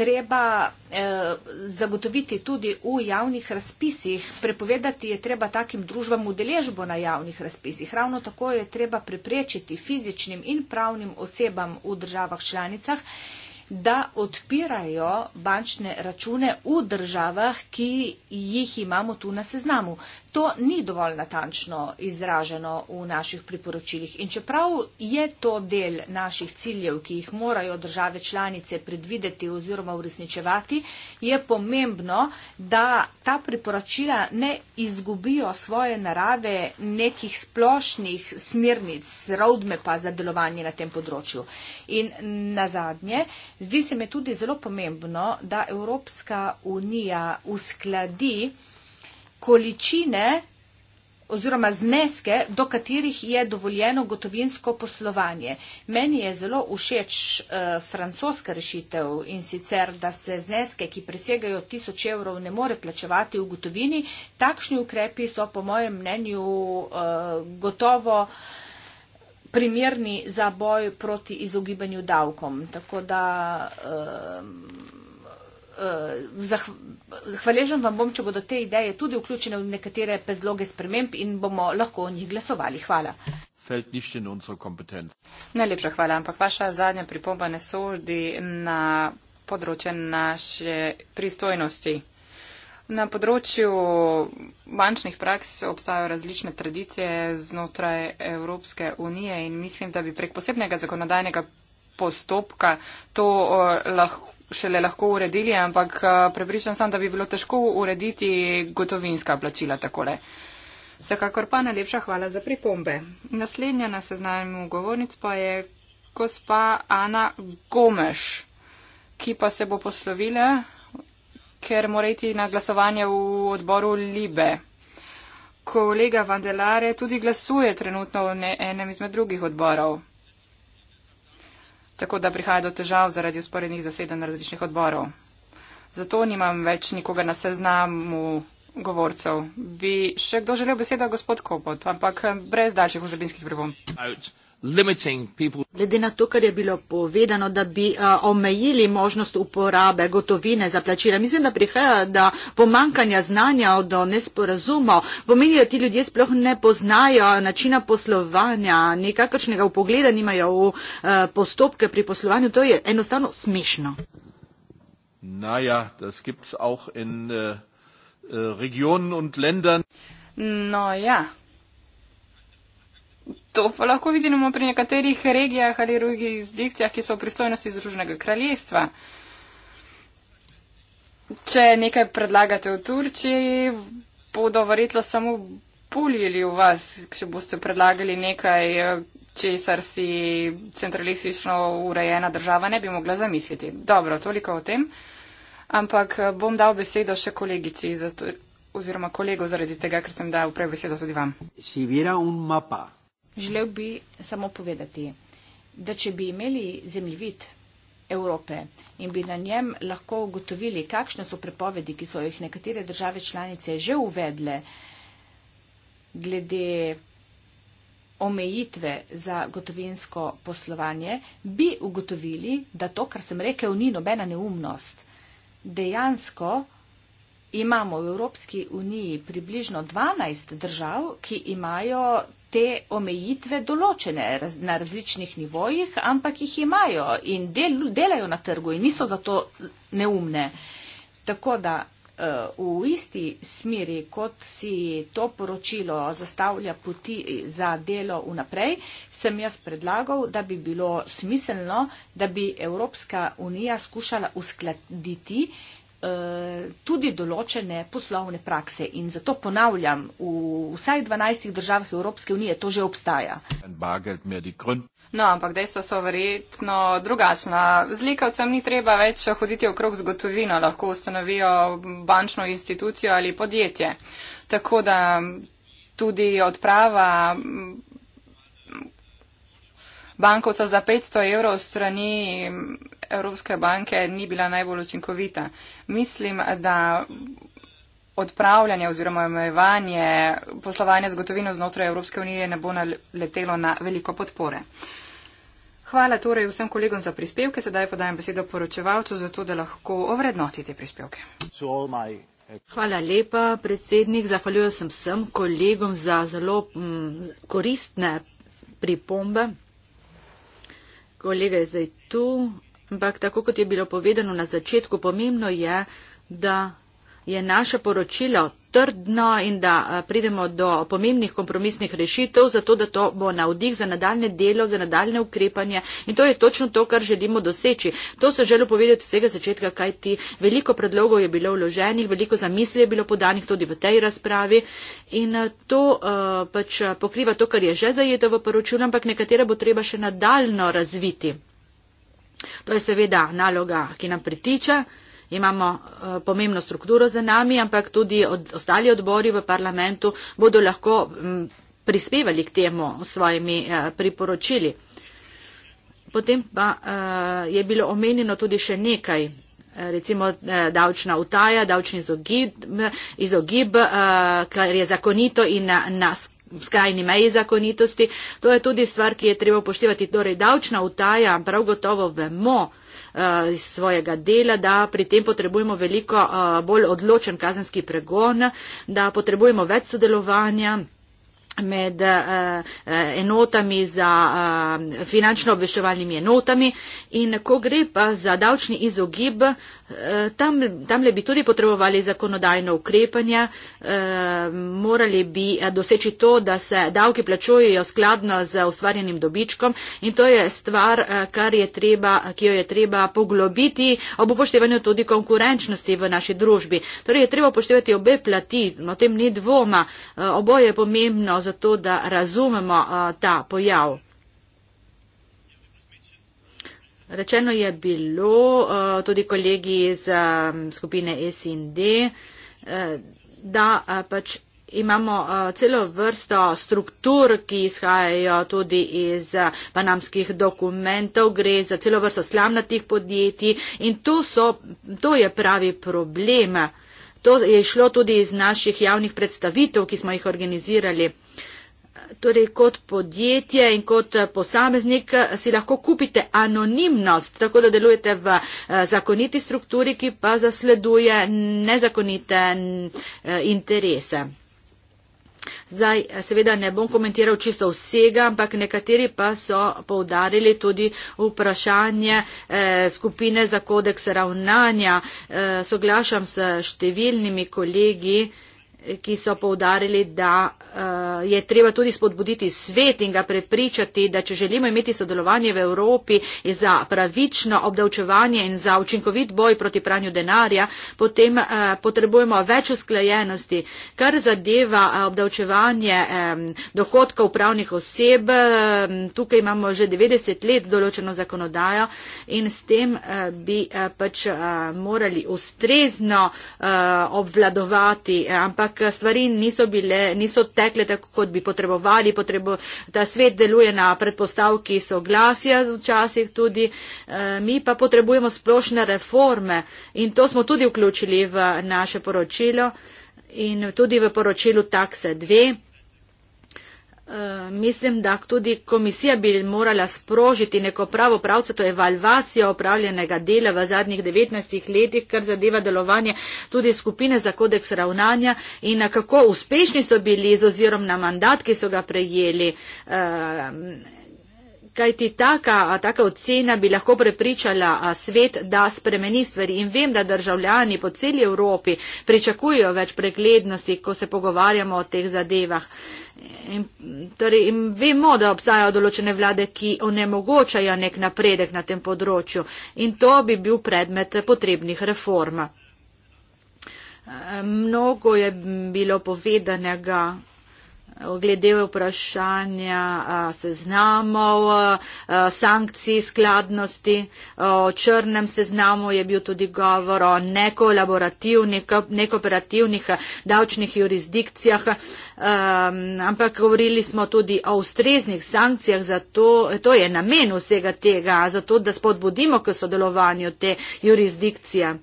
treba uh, zagotoviti tudi v javnih razpisih, prepovedati je treba takim družbam udeležbo na javnih razpisih. Ravno tako je treba preprečiti fizičnim in pravnim osebam v državah članicah, da odpirajo bančne račune v državah, ki jih imamo tu na seznamu. To ni dovolj natančno izraženo v naših priporočilih. In čeprav je to del naših ciljev, ki jih morajo države članice predvideti oziroma uresničevati, je pomembno, da ta priporočila ne izgubijo svoje narave nekih splošnih smernic, roadmapa za delovanje na tem področju. In na zadnje, zdi se mi tudi zelo pomembno, da Evropska unija uskladi količine oziroma zneske, do katerih je dovoljeno gotovinsko poslovanje. Meni je zelo všeč uh, francoska rešitev in sicer, da se zneske, ki presegajo tisoč evrov, ne more plačevati v gotovini. Takšni ukrepi so po mojem mnenju uh, gotovo primerni za boj proti izogibanju davkom. Tako da. Uh, Eh, hvaležen vam bom, če bodo te ideje tudi vključene v nekatere predloge sprememb in bomo lahko o njih glasovali. Hvala. Najlepša hvala, ampak vaša zadnja pripomba ne sodi na področje naše pristojnosti. Na področju bančnih praks obstajajo različne tradicije znotraj Evropske unije in mislim, da bi prek posebnega zakonodajnega postopka to eh, lahko šele lahko uredili, ampak eh, prepričan sem, da bi bilo težko urediti gotovinska plačila takole. Vsekakor pa najlepša hvala za pripombe. Naslednja na seznamu govornic pa je gospa Ana Gomeš, ki pa se bo poslovila, ker mora iti na glasovanje v odboru Libe. Kolega Vandelare tudi glasuje trenutno v enem izmed drugih odborov tako da prihaja do težav zaradi usporednih zasedanj različnih odborov. Zato nimam več nikoga na seznamu govorcev. Bi še kdo želel beseda, gospod Kopot, ampak brez daljših vzebinskih pripomb. Glede na to, kar je bilo povedano, da bi omejili možnost uporabe gotovine za plačila, mislim, da prihaja, da pomankanja znanja do nesporazumov pomeni, da ti ljudje sploh ne poznajo načina poslovanja, nekakršnega upogleda nimajo v postopke pri poslovanju. To je enostavno smešno. Naja, das gibt's auch in uh, regionen und ländern. No, ja. To pa lahko vidimo pri nekaterih regijah ali drugih izdikcijah, ki so v pristojnosti Združenega kraljestva. Če nekaj predlagate v Turčiji, bodo verjetno samo puljili v vas, če boste predlagali nekaj, česar si centralistično urejena država ne bi mogla zamisliti. Dobro, toliko o tem. Ampak eh, bom dal besedo še kolegici, oziroma kolego, zaradi tega, ker sem dal prej besedo tudi vam. Si vira un mapa. Želel bi samo povedati, da če bi imeli zemljevid Evrope in bi na njem lahko ugotovili, kakšne so prepovedi, ki so jih nekatere države članice že uvedle glede omejitve za gotovinsko poslovanje, bi ugotovili, da to, kar sem rekel, ni nobena neumnost. Dejansko imamo v Evropski uniji približno 12 držav, ki imajo te omejitve določene raz, na različnih nivojih, ampak jih imajo in del, delajo na trgu in niso zato neumne. Tako da eh, v isti smeri, kot si to poročilo zastavlja poti eh, za delo vnaprej, sem jaz predlagal, da bi bilo smiselno, da bi Evropska unija skušala uskladiti Eh, tudi določene poslovne prakse in zato ponavljam, v vsaj 12 državah Evropske unije to že obstaja. No, ampak dejstva so verjetno drugačna. Zlikavcem ni treba več hoditi okrog zgodovino, lahko ustanovijo bančno institucijo ali podjetje. Tako da tudi odprava bankovca za 500 evrov strani Evropske banke ni bila najbolj učinkovita. Mislim, da odpravljanje oziroma omejevanje poslovanja z gotovino znotraj Evropske unije ne bo naletelo na veliko podpore. Hvala torej vsem kolegom za prispevke, sedaj pa dajem besedo poročevalcu za to, da lahko ovrednotite prispevke. Hvala lepa, predsednik. Zahvaljujem sem vsem kolegom za zelo m, mm, koristne pripombe. Kolega je zdaj tu. Ampak tako kot je bilo povedano na začetku, pomembno je, da je naše poročilo trdno in da eh, pridemo do pomembnih kompromisnih rešitev, zato da to bo navdih za nadaljne delo, za nadaljne ukrepanje. In to je točno to, kar želimo doseči. To sem želel povedati vsega začetka, kaj ti veliko predlogov je bilo vloženih, veliko zamisli je bilo podanih tudi v tej razpravi. In eh, to uh, pač pokriva to, kar je že zajeto v poročilu, ampak nekatere bo treba še nadaljno razviti. To je seveda naloga, ki nam pritiče. Imamo eh, pomembno strukturo za nami, ampak tudi od, ostali odbori v parlamentu bodo lahko mm, prispevali k temu s svojimi eh, priporočili. Potem pa eh, je bilo omenjeno tudi še nekaj, recimo davčna utaja, davčni izogib, izogib kar je zakonito in nas skrajni meji zakonitosti. To je tudi stvar, ki je treba upoštevati. Torej, davčna utaja, prav gotovo vemo eh, iz svojega dela, da pri tem potrebujemo veliko eh, bolj odločen kazenski pregon, da potrebujemo več sodelovanja med eh, enotami za finančno obveščevalnimi enotami. In ko gre pa za davčni izogib, Eh, tam, tam le bi tudi potrebovali zakonodajno ukrepanje, eh, morali bi eh, doseči to, da se davki plačujejo skladno z ustvarjenim dobičkom in to je stvar, je treba, ki jo je treba poglobiti ob upoštevanju tudi konkurenčnosti v naši družbi. Torej je treba upoštevati obe plati, o no, tem ni dvoma, oboje je pomembno zato, da razumemo ta pojav. Rečeno je bilo eh, tudi kolegi iz eh, skupine SND, eh, da pač imamo celo vrsto struktur, ki izhajajo tudi iz panamskih dokumentov, gre za celo vrsto slamnatih podjetij in to, so, to je pravi problem. To je šlo tudi iz naših javnih predstavitev, ki smo jih organizirali. Uh, torej kot podjetje in kot eh, posameznik eh, si lahko kupite anonimnost, tako da delujete v eh, zakoniti strukturi, ki pa zasleduje nezakonite interese. Zdaj, seveda ne bom komentiral čisto vsega, ampak nekateri pa so povdarili tudi vprašanje eh, skupine za kodeks ravnanja. Eh, soglašam s številnimi kolegi, eh, ki so povdarili, da eh, je treba tudi spodbuditi svet in ga prepričati, da če želimo imeti sodelovanje v Evropi za pravično obdavčevanje in za učinkovit boj proti pranju denarja, potem eh, potrebujemo več usklajenosti, kar zadeva eh, obdavčevanje dohodkov pravnih oseb. Tukaj imamo že 90 let določeno zakonodajo in s tem bi pač morali ustrezno obvladovati, ampak ampak eh, stvari niso, bile, niso tekle tako, kot bi potrebovali. Potrebo, ta svet deluje na predpostavki soglasja, včasih tudi eh, mi pa potrebujemo splošne reforme in to smo tudi vključili v naše poročilo in tudi v poročilu takse 2. Eh, mislim, da tudi komisija bi morala sprožiti neko pravo pravce, to je evalvacija opravljenega dela v zadnjih 19 letih, kar zadeva delovanje tudi skupine za kodeks ravnanja in kako uspešni so bili z ozirom na mandat, ki so ga prejeli. Eh, Kaj ti taka, taka ocena bi lahko prepričala eh, svet, da spremeni stvari in vem, da državljani po celi Evropi pričakujejo več preglednosti, ko se pogovarjamo o teh zadevah. In, torej, in vemo, da obstajajo določene vlade, ki onemogočajo nek napredek na tem področju in to bi bil predmet potrebnih reform. Eh, mnogo je bilo povedanega glede vprašanja seznamov, sankcij, skladnosti. O črnem seznamu je bil tudi govor o nekolaborativnih, nekoperativnih davčnih jurisdikcijah, ampak govorili smo tudi o ustreznih sankcijah, zato, to je namen vsega tega, zato da spodbudimo k sodelovanju te jurisdikcije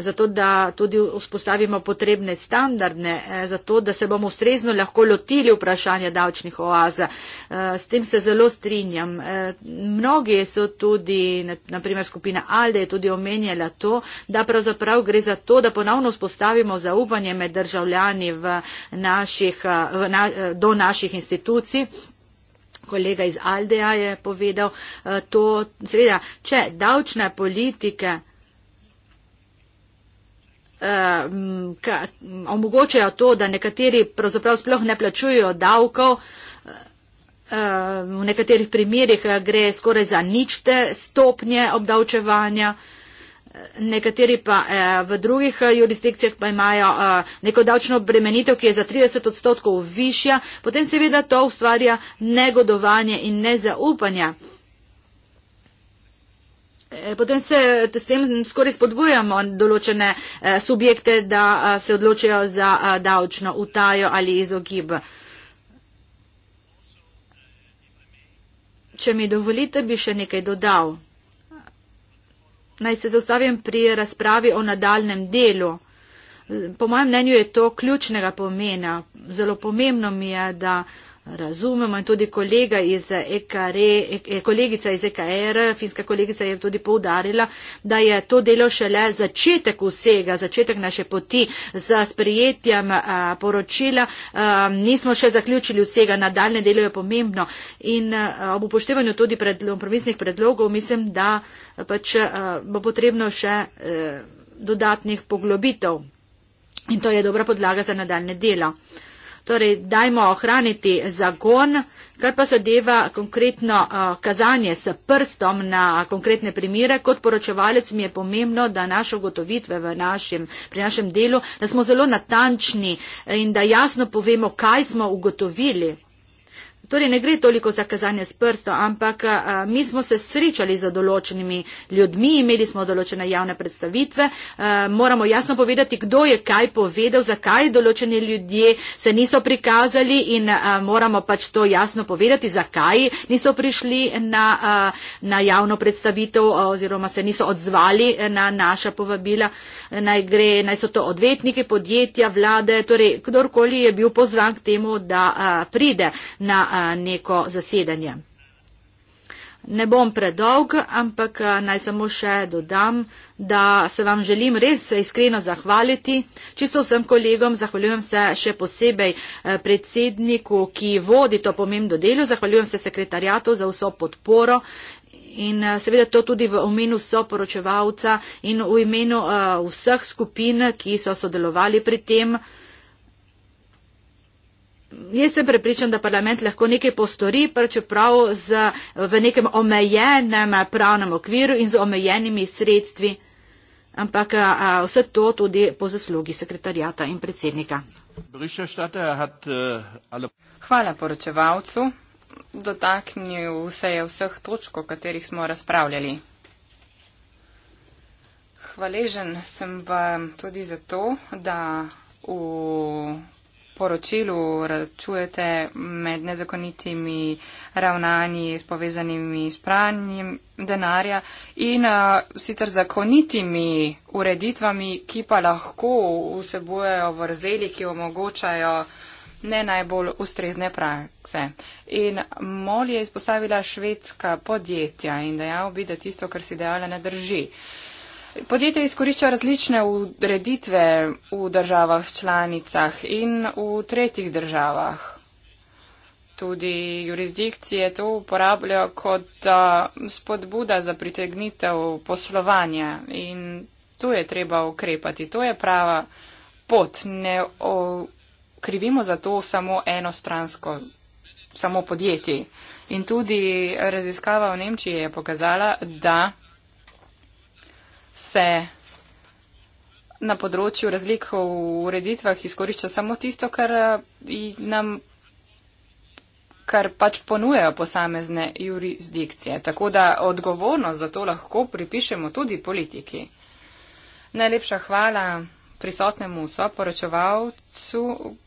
zato da tudi vzpostavimo potrebne standardne, eh, zato da se bomo ustrezno lahko lotili vprašanja davčnih oaza. Eh, s tem se zelo strinjam. Eh, mnogi so tudi, naprimer skupina Alde je tudi omenjala to, da pravzaprav gre za to, da ponovno vzpostavimo zaupanje med državljani v naših, v na, do naših institucij. Kolega iz Aldeja je povedal to. Seveda, če davčne politike Ehm, ka, omogočajo to, da nekateri pravzaprav sploh ne plačujo davkov. Ehm, v nekaterih primerjih eh, gre skoraj za ničte stopnje obdavčevanja, nekateri pa eh, v drugih eh, jurisdikcijah pa imajo neko davčno obremenitev, ki je za 30 odstotkov višja, potem seveda to ustvarja negodovanje in nezaupanje. Eh, potem se eh, s tem skoraj spodbujamo določene eh, subjekte, da se odločijo za davčno utajo ali izogib. Če mi dovolite, bi še nekaj dodal. Naj se zaustavim pri razpravi o nadaljem delu. Po mojem mnenju je to ključnega pomena. Zelo pomembno mi je, da razumemo in tudi kolega iz EKR, e, e, kolegica iz EKR, finska kolegica je tudi poudarila, da je to delo šele začetek vsega, začetek naše poti za sprijetjem poročila. Nismo še zaključili vsega, nadaljne delo je pomembno in ob upoštevanju tudi kompromisnih predlogov mislim, da pač bo potrebno še e, dodatnih poglobitev. In to je dobra podlaga za nadaljne delo. Torej, dajmo ohraniti zagon, kar pa zadeva konkretno eh, kazanje s prstom na konkretne primere. Kot poročevalec mi je pomembno, da naše ugotovitve našem, pri našem delu, da smo zelo natančni in da jasno povemo, kaj smo ugotovili. Torej, ne gre toliko za kazanje s prsto, ampak a, mi smo se srečali z določenimi ljudmi, imeli smo določene javne predstavitve, a, moramo jasno povedati, kdo je kaj povedal, zakaj določeni ljudje se niso prikazali in a, moramo pač to jasno povedati, zakaj niso prišli na, a, na javno predstavitev a, oziroma se niso odzvali na naša povabila. Naj, gre, naj so to odvetniki, podjetja, vlade, torej kdorkoli je bil pozvan k temu, da a, pride na a, neko zasedanje. Ne bom predolg, ampak eh, naj samo še dodam, da se vam želim res iskreno zahvaliti. Čisto vsem kolegom zahvaljujem se še posebej eh, predsedniku, ki vodi to pomembno delo. Zahvaljujem se sekretarjatu za vso podporo. In eh, seveda to tudi v imenu soporočevalca in v imenu uh, vseh skupin, ki so sodelovali pri tem. Jaz sem prepričan, da parlament lahko nekaj postori, pa čeprav z, v nekem omejenem eh, pravnem okviru in z omejenimi sredstvi, ampak eh, a, vse to tudi po zaslugi sekretarjata in predsednika. Eh, Hvala poročevalcu. Dotaknil se je vseh točk, o katerih smo razpravljali. Hvaležen sem vam tudi za to, da v poročilu račujete med nezakonitimi ravnanji s povezanimi s pranjem denarja in uh, sicer zakonitimi ureditvami, ki pa lahko vsebujejo vrzeli, ki omogočajo ne najbolj ustrezne prakse. In Mol je izpostavila švedska podjetja in dejal bi, da tisto, kar si dejala, ne drži. Uh, Podjetje izkorišča različne ureditve v državah članicah in v tretjih državah. Tudi jurisdikcije to uporabljajo kot spodbuda za pritegnitev poslovanja in tu je treba ukrepati. To je prava pot. Ne krivimo za to samo enostransko, samo podjetje. In tudi raziskava v Nemčiji je pokazala, da se na področju razlik v ureditvah izkorišča samo tisto, kar eh, nam kar pač ponujajo posamezne jurisdikcije. Tako da odgovornost za to lahko pripišemo tudi politiki. Najlepša hvala prisotnemu soporočevalcu.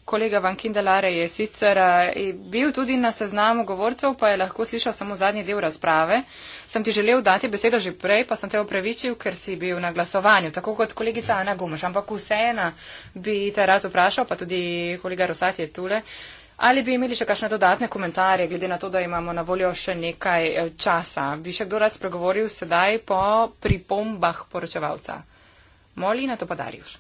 Kolega Van Kindelare je sicer eh, bil tudi na seznamu govorcev, pa je lahko slišal samo zadnji del razprave. Sem ti želel dati besedo že prej, pa sem te upravičil, ker si bil na glasovanju, tako kot kolegica Ana Gumoš. Ampak vseeno bi te rad vprašal, pa tudi kolega Rosat je tule. Ali bi imeli še kakšne dodatne komentarje, glede na to, da imamo na voljo še nekaj eh, časa? Bi še kdo rad spregovoril sedaj po pripombah poročevalca? Molina, to pa Darjuš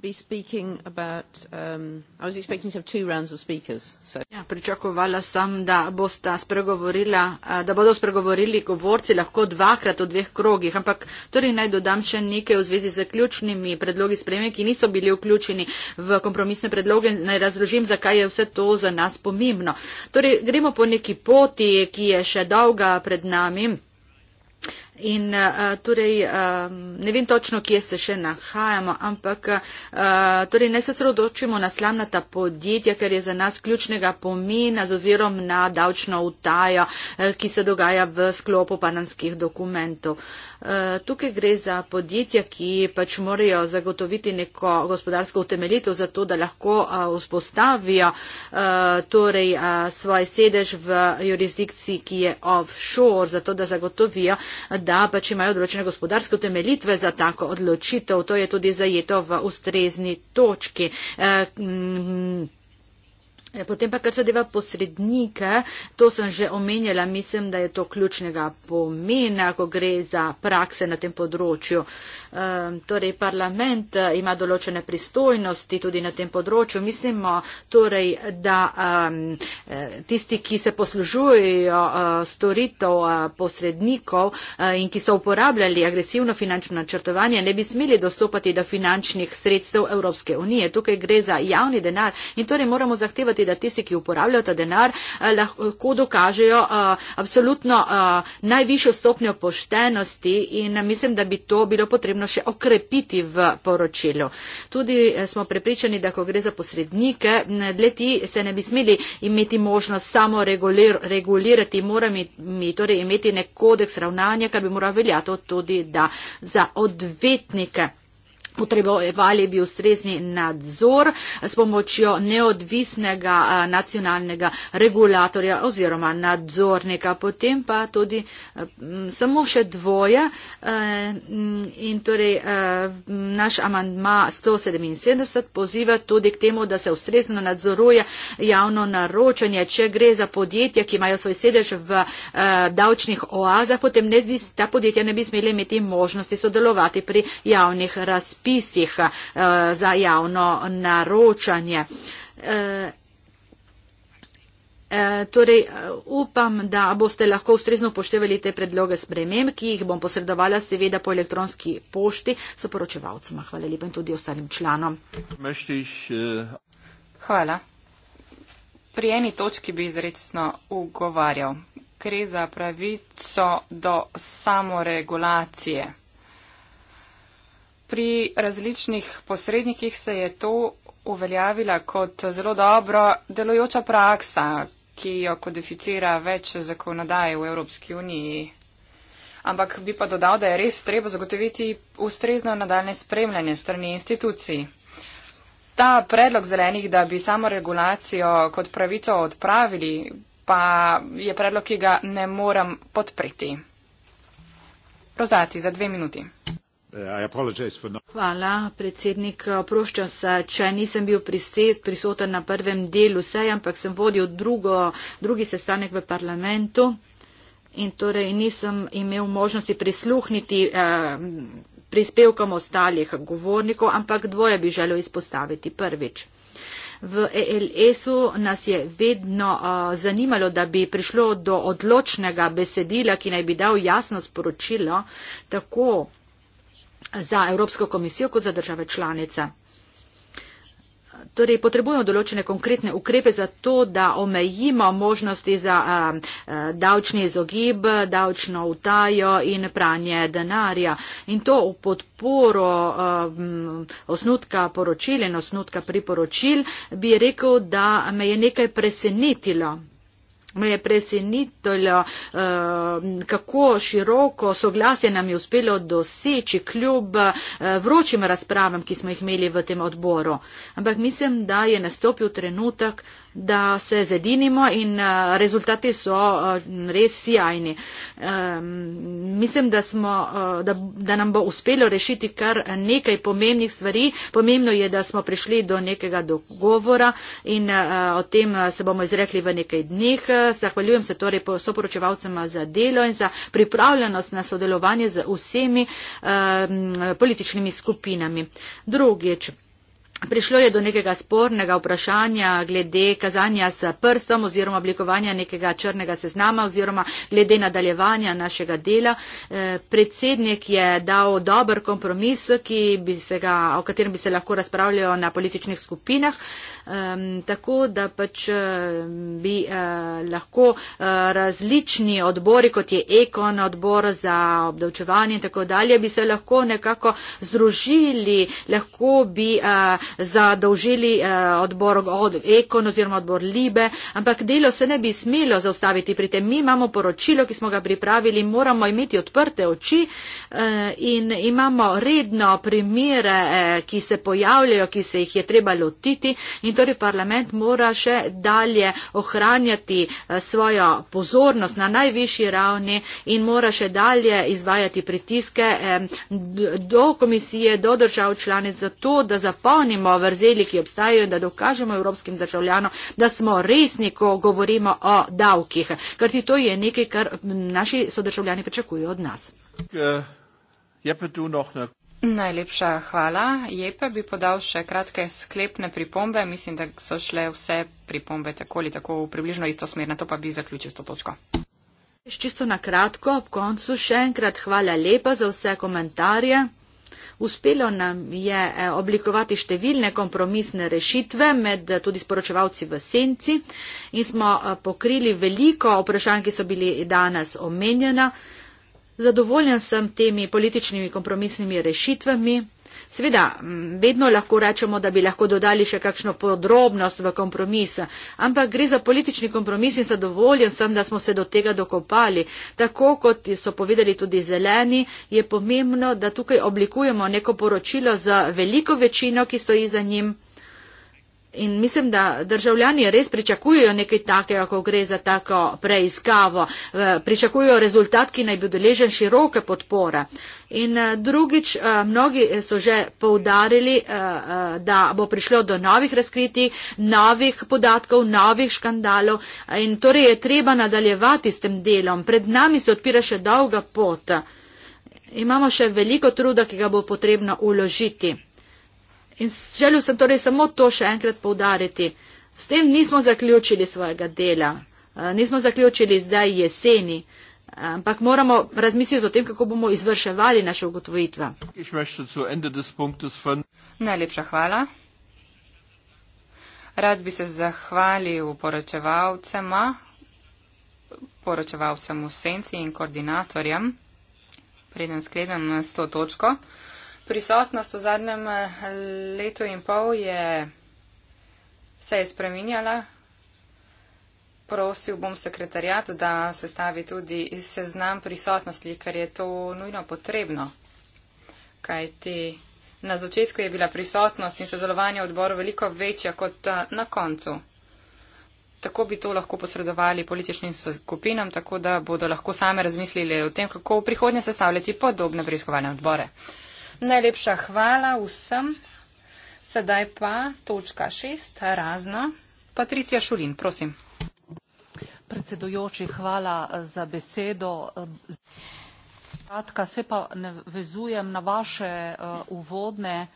be speaking about um, I was expecting to have two rounds of speakers. So. Ja, pričakovala sem, da bosta spregovorila, uh, da bodo spregovorili govorci lahko dvakrat v dveh krogih, ampak torej naj dodam še nekaj v zvezi z ključnimi predlogi spremembe, ki niso bili vključeni v kompromisne predloge. Naj razložim, zakaj je vse to za nas pomembno. Torej, gremo po neki poti, ki je še dolga pred nami. In uh, torej, um, ne vem točno, kje se še nahajamo, ampak uh, torej ne se sredočimo na slamnata podjetja, ker je za nas ključnega pomena z ozirom na davčno utajo, uh, ki se dogaja v sklopu panamskih dokumentov. Uh, tukaj gre za podjetja, ki pač morajo zagotoviti neko gospodarsko utemeljitev za to, da lahko uh, vzpostavijo uh, torej, uh, svoj sedež v jurisdikciji, ki je offshore, zato da zagotovijo, uh, da pač imajo določene gospodarske utemeljitve za tako odločitev. To je tudi zajeto v ustrezni točki. Eh, mm, Ja, potem pa, kar zadeva posrednike, to sem že omenjala, mislim, da je to ključnega pomena, ko gre za prakse na tem področju. E, torej, parlament eh, ima določene pristojnosti tudi na tem področju. Mislimo torej, da um, tisti, ki se poslužujejo uh, storitev uh, posrednikov uh, in ki so uporabljali agresivno finančno načrtovanje, ne bi smeli dostopati do finančnih sredstev Evropske unije. Tukaj gre za javni denar in torej moramo zahtevati povedati, da tisti, ki uporabljajo ta denar, eh, lahko dokažejo eh, absolutno eh, najvišjo stopnjo poštenosti in mislim, da bi to bilo potrebno še okrepiti v poročilu. Tudi smo prepričani, da ko gre za posrednike, leti se ne bi smeli imeti možnost samo regulir, regulirati, morami torej imeti nek kodeks ravnanja, kar bi moral veljati tudi da za odvetnike potrebovali bi ustrezni nadzor s pomočjo neodvisnega nacionalnega regulatorja oziroma nadzornika. Potem pa tudi samo še dvoje in torej naš amandma 177 poziva tudi k temu, da se ustrezno nadzoruje javno naročanje. Če gre za podjetja, ki imajo svoj sedež v davčnih oazah, potem ne bi, ta podjetja ne bi smeli imeti možnosti sodelovati pri javnih razpisih razpisih eh, za javno naročanje. Eh, eh, torej, upam, da boste lahko ustrezno upoštevali te predloge sprememb, ki jih bom posredovala seveda po elektronski pošti s poročevalcema. Hvala lepa in tudi ostalim članom. Hvala. Pri eni točki bi izrecno ugovarjal. Gre za pravico do samoregulacije pri različnih posrednikih se je to uveljavila kot zelo dobro delojoča praksa, ki jo kodificira več zakonodaje v Evropski uniji. Ampak bi pa dodal, da je res treba zagotoviti ustrezno nadaljne spremljanje strani institucij. Ta predlog zelenih, da bi samo regulacijo kot pravico odpravili, pa je predlog, ki ga ne morem podpreti. Rozati za dve minuti. Uh, Hvala, predsednik. Oproščam se, če nisem bil prisoten na prvem delu seja, ampak sem vodil drugo, drugi sestanek v parlamentu in torej nisem imel možnosti prisluhniti eh, prispevkom ostalih govornikov, ampak dvoje bi želel izpostaviti. Prvič. V ELS-u nas je vedno uh, zanimalo, da bi prišlo do odločnega besedila, ki naj bi dal jasno sporočilo, tako za Evropsko komisijo kot za države članice. Torej, potrebujemo določene konkretne ukrepe za to, da omejimo možnosti za davčni izogib, davčno utajo in pranje denarja. In to v podporo osnutka poročil in osnutka priporočil bi rekel, da me je nekaj presenetilo. Me je presenitilo, eh, kako široko soglasje nam je uspelo doseči kljub eh, vročim razpravam, ki smo jih imeli v tem odboru. Ampak mislim, da je nastopil trenutek, da se zedinimo in eh, rezultati so eh, res sjajni. Mislim, da, smo, eh, da, da nam bo uspelo rešiti kar nekaj pomembnih stvari. Pomembno je, da smo prišli do nekega dogovora in o tem se bomo izrekli v nekaj dneh. Zahvaljujem se torej soporočevalcema za delo in za pripravljenost na sodelovanje z vsemi političnimi skupinami. Drugič. Prišlo je do nekega spornega vprašanja glede kazanja s prstom oziroma oblikovanja nekega črnega seznama oziroma glede nadaljevanja našega dela. Eh, predsednik je dal dober kompromis, ga, o katerem bi se lahko razpravljalo na političnih skupinah, tako da pač eh, bi eh, lahko različni odbori, kot je Ekon, odbor za obdavčevanje in tako dalje, bi se lahko nekako združili, lahko bi zadolžili eh, odbor od Ekon oziroma odbor Libe, ampak delo se ne bi smelo zaustaviti pri tem. Mi imamo poročilo, ki smo ga pripravili, moramo imeti odprte oči eh, in imamo redno primere, eh, ki se pojavljajo, ki se jih je treba lotiti in torej parlament mora še dalje ohranjati eh, svojo pozornost na najvišji ravni in mora še dalje izvajati pritiske eh, do komisije, do držav članic za to, da zapolnimo razblinimo vrzeli, ki obstajajo in da dokažemo evropskim državljanom, da smo resni, ko govorimo o davkih. Ker ti to je nekaj, kar naši sodržavljani pričakujo od nas. Najlepša hvala. Jepe bi podal še kratke sklepne pripombe. Mislim, da so šle vse pripombe tako ali tako v približno isto smer. Na to pa bi zaključil to točko. Čisto na kratko, ob koncu še enkrat hvala lepa za vse komentarje. Uspelo nam je eh, oblikovati številne kompromisne rešitve med eh, tudi sporočevalci v senci in smo eh, pokrili veliko vprašanj, ki so bili danes omenjena. Zadovoljen sem temi političnimi kompromisnimi rešitvami. Seveda, vedno lahko rečemo, da bi lahko dodali še kakšno podrobnost v kompromis, ampak gre za politični kompromis in zadovoljen sem, da smo se do tega dokopali. Tako kot so povedali tudi zeleni, je pomembno, da tukaj oblikujemo neko poročilo za veliko večino, ki stoji za njim. In mislim, da državljani res pričakujejo nekaj takega, ko gre za tako preiskavo. Pričakujejo rezultat, ki naj bi deležen široke podpore. In eh, drugič, eh, mnogi so že poudarili, eh, da bo prišlo do novih razkritij, novih podatkov, novih škandalov. In torej je treba nadaljevati s tem delom. Pred nami se odpira še dolga pot. Imamo še veliko truda, ki ga bo potrebno uložiti. In želel sem torej samo to še enkrat povdariti. S tem nismo zaključili svojega dela, eh, nismo zaključili zdaj jeseni, eh, ampak moramo razmisliti o tem, kako bomo izvrševali naše ugotovitve. Najlepša hvala. Rad bi se zahvalil poročevalcema, poročevalcem v senci in koordinatorjem. Preden sklenem s to točko prisotnost v zadnjem eh, letu in pol je, se je spreminjala. Prosil bom sekretarjat, da se stavi tudi seznam prisotnosti, ker je to nujno potrebno. Kaj ti na začetku je bila prisotnost in sodelovanje odboru veliko večja kot eh, na koncu. Tako bi to lahko posredovali političnim skupinam, tako da bodo lahko same razmislili o tem, kako v prihodnje sestavljati podobne preiskovalne odbore. Najlepša hvala vsem. Sedaj pa točka šest, razno. Patricija Šulin, prosim. Predsedujoči, hvala eh, za besedo. Eh, kratka se pa ne vezujem na vaše eh, uvodne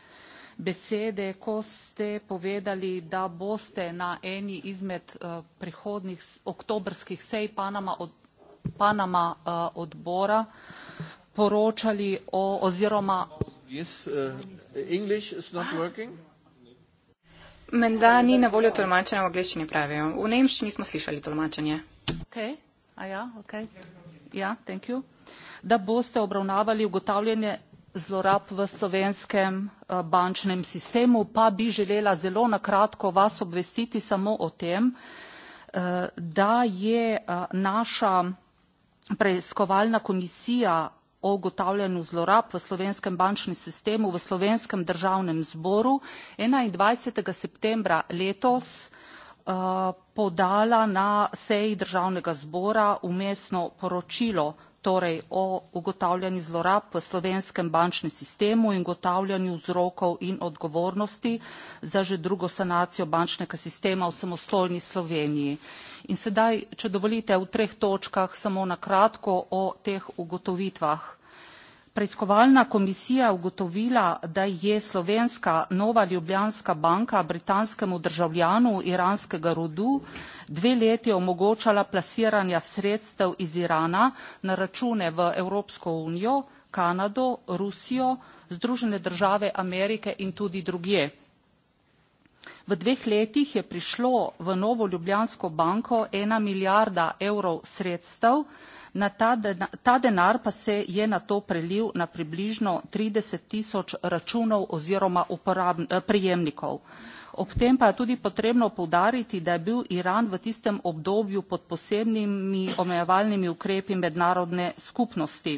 besede, ko ste povedali, da boste na eni izmed prihodnih oktobrskih sej Panama, od, Panama odbora poročali o oziroma. Yes, uh, Menda ni na voljo tolmačenja v angleščini pravijo. V nemščini smo slišali tolmačenje. Okay. Ja, okay. ja, da boste obravnavali ugotavljanje zlorab v slovenskem eh, bančnem sistemu, pa bi želela zelo na kratko vas obvestiti samo o tem, eh, da je eh, naša preiskovalna komisija o ugotavljanju zlorab v slovenskem bančnem sistemu v slovenskem državnem zboru 21. septembra letos eh, podala na seji državnega zbora umestno poročilo torej o ugotavljanju zlorab v slovenskem bančnem sistemu in ugotavljanju vzrokov in odgovornosti za že drugo sanacijo bančnega sistema v samostojni Sloveniji. In sedaj, če dovolite, v treh točkah samo na kratko o teh ugotovitvah preiskovalna komisija ugotovila, da je slovenska Nova Ljubljanska banka britanskemu državljanu iranskega rodu dve leti omogočala plasiranja sredstev iz Irana na račune v Evropsko unijo, Kanado, Rusijo, Združene države Amerike in tudi drugje. V dveh letih je prišlo v Novo Ljubljansko banko ena milijarda evrov sredstev, Na ta, dena, ta denar pa se je na to prelil na približno 30 tisoč računov oziroma uporabn, eh, prijemnikov. Ob tem pa je tudi potrebno povdariti, da je bil Iran v tistem obdobju pod posebnimi omejevalnimi ukrepi mednarodne skupnosti.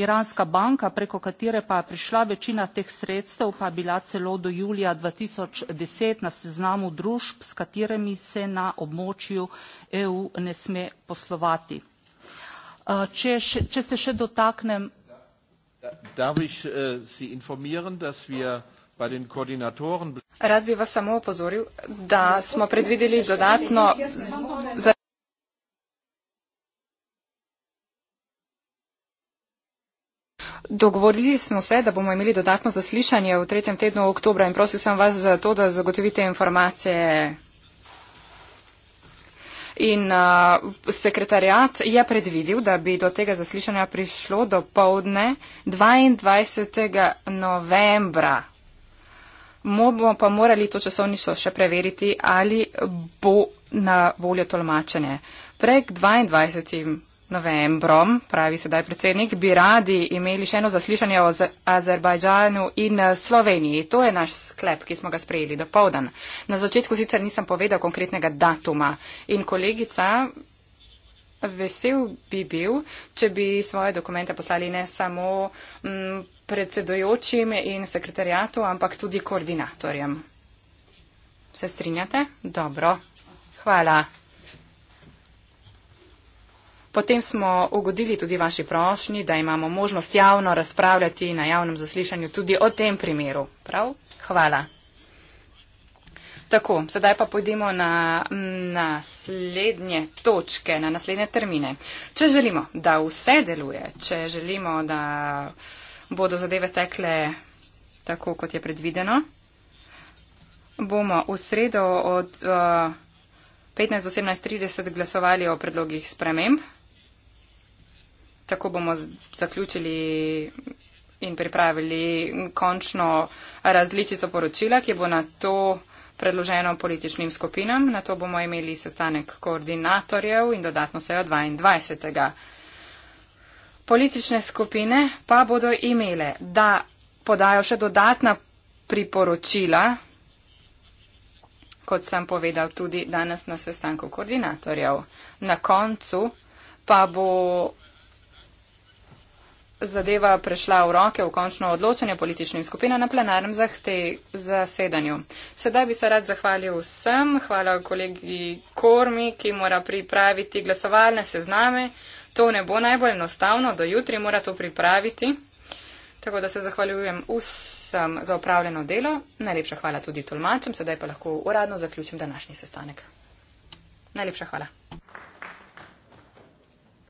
Iranska banka, preko katere pa je prišla večina teh sredstev, pa je bila celo do julija 2010 na seznamu družb, s katerimi se na območju EU ne sme poslovati. Äh, če, še, če se še dotaknem. Darf ich äh, Sie informieren, dass wir bei den Koordinatoren. Rad bi vas samo opozoril, da smo predvideli dodatno. Za... Dogovorili smo se, da bomo imeli dodatno zaslišanje v tretjem tednu oktobra in prosil sem vas za to, da zagotovite informacije. In uh, sekretarjat je predvidil, da bi do tega zaslišanja prišlo do povdne 22. novembra. Mo pa morali to časovnico še preveriti, ali bo na voljo tolmačenje. Prek 22 novembrom, pravi sedaj predsednik, bi radi imeli še eno zaslišanje o Azerbajdžanu in eh, Sloveniji. To je naš sklep, ki smo ga sprejeli do povdan. Na začetku sicer nisem povedal konkretnega datuma in kolegica. Vesel bi bil, če bi svoje dokumente poslali ne samo m, mm, predsedojočim in sekretarjatu, ampak tudi koordinatorjem. Se strinjate? Dobro. Hvala. Potem smo ugodili tudi vaši prošnji, da imamo možnost javno razpravljati na javnem zaslišanju tudi o tem primeru. Prav? Hvala. Tako, sedaj pa pojdemo na mm, naslednje točke, na naslednje termine. Če želimo, da vse deluje, če želimo, da bodo zadeve stekle tako, kot je predvideno, bomo v sredo od uh, eh, 15 do 17.30 glasovali o predlogih sprememb tako bomo zaključili in pripravili končno različico poročila, ki bo na to predloženo političnim skupinam. Na to bomo imeli sestanek koordinatorjev in dodatno sejo 22. Politične skupine pa bodo imele, da podajo še dodatna priporočila, kot sem povedal tudi danes na sestanku koordinatorjev. Na koncu pa bo zadeva prešla v roke v končno odločanje političnih skupin na plenarnem zasedanju. Sedaj bi se rad zahvalil vsem, hvala kolegi Kormi, ki mora pripraviti glasovalne sezname. To ne bo najbolj enostavno, do jutri mora to pripraviti. Tako da se zahvaljujem vsem za upravljeno delo. Najlepša hvala tudi tolmačem, sedaj pa lahko uradno zaključim današnji sestanek. Najlepša hvala.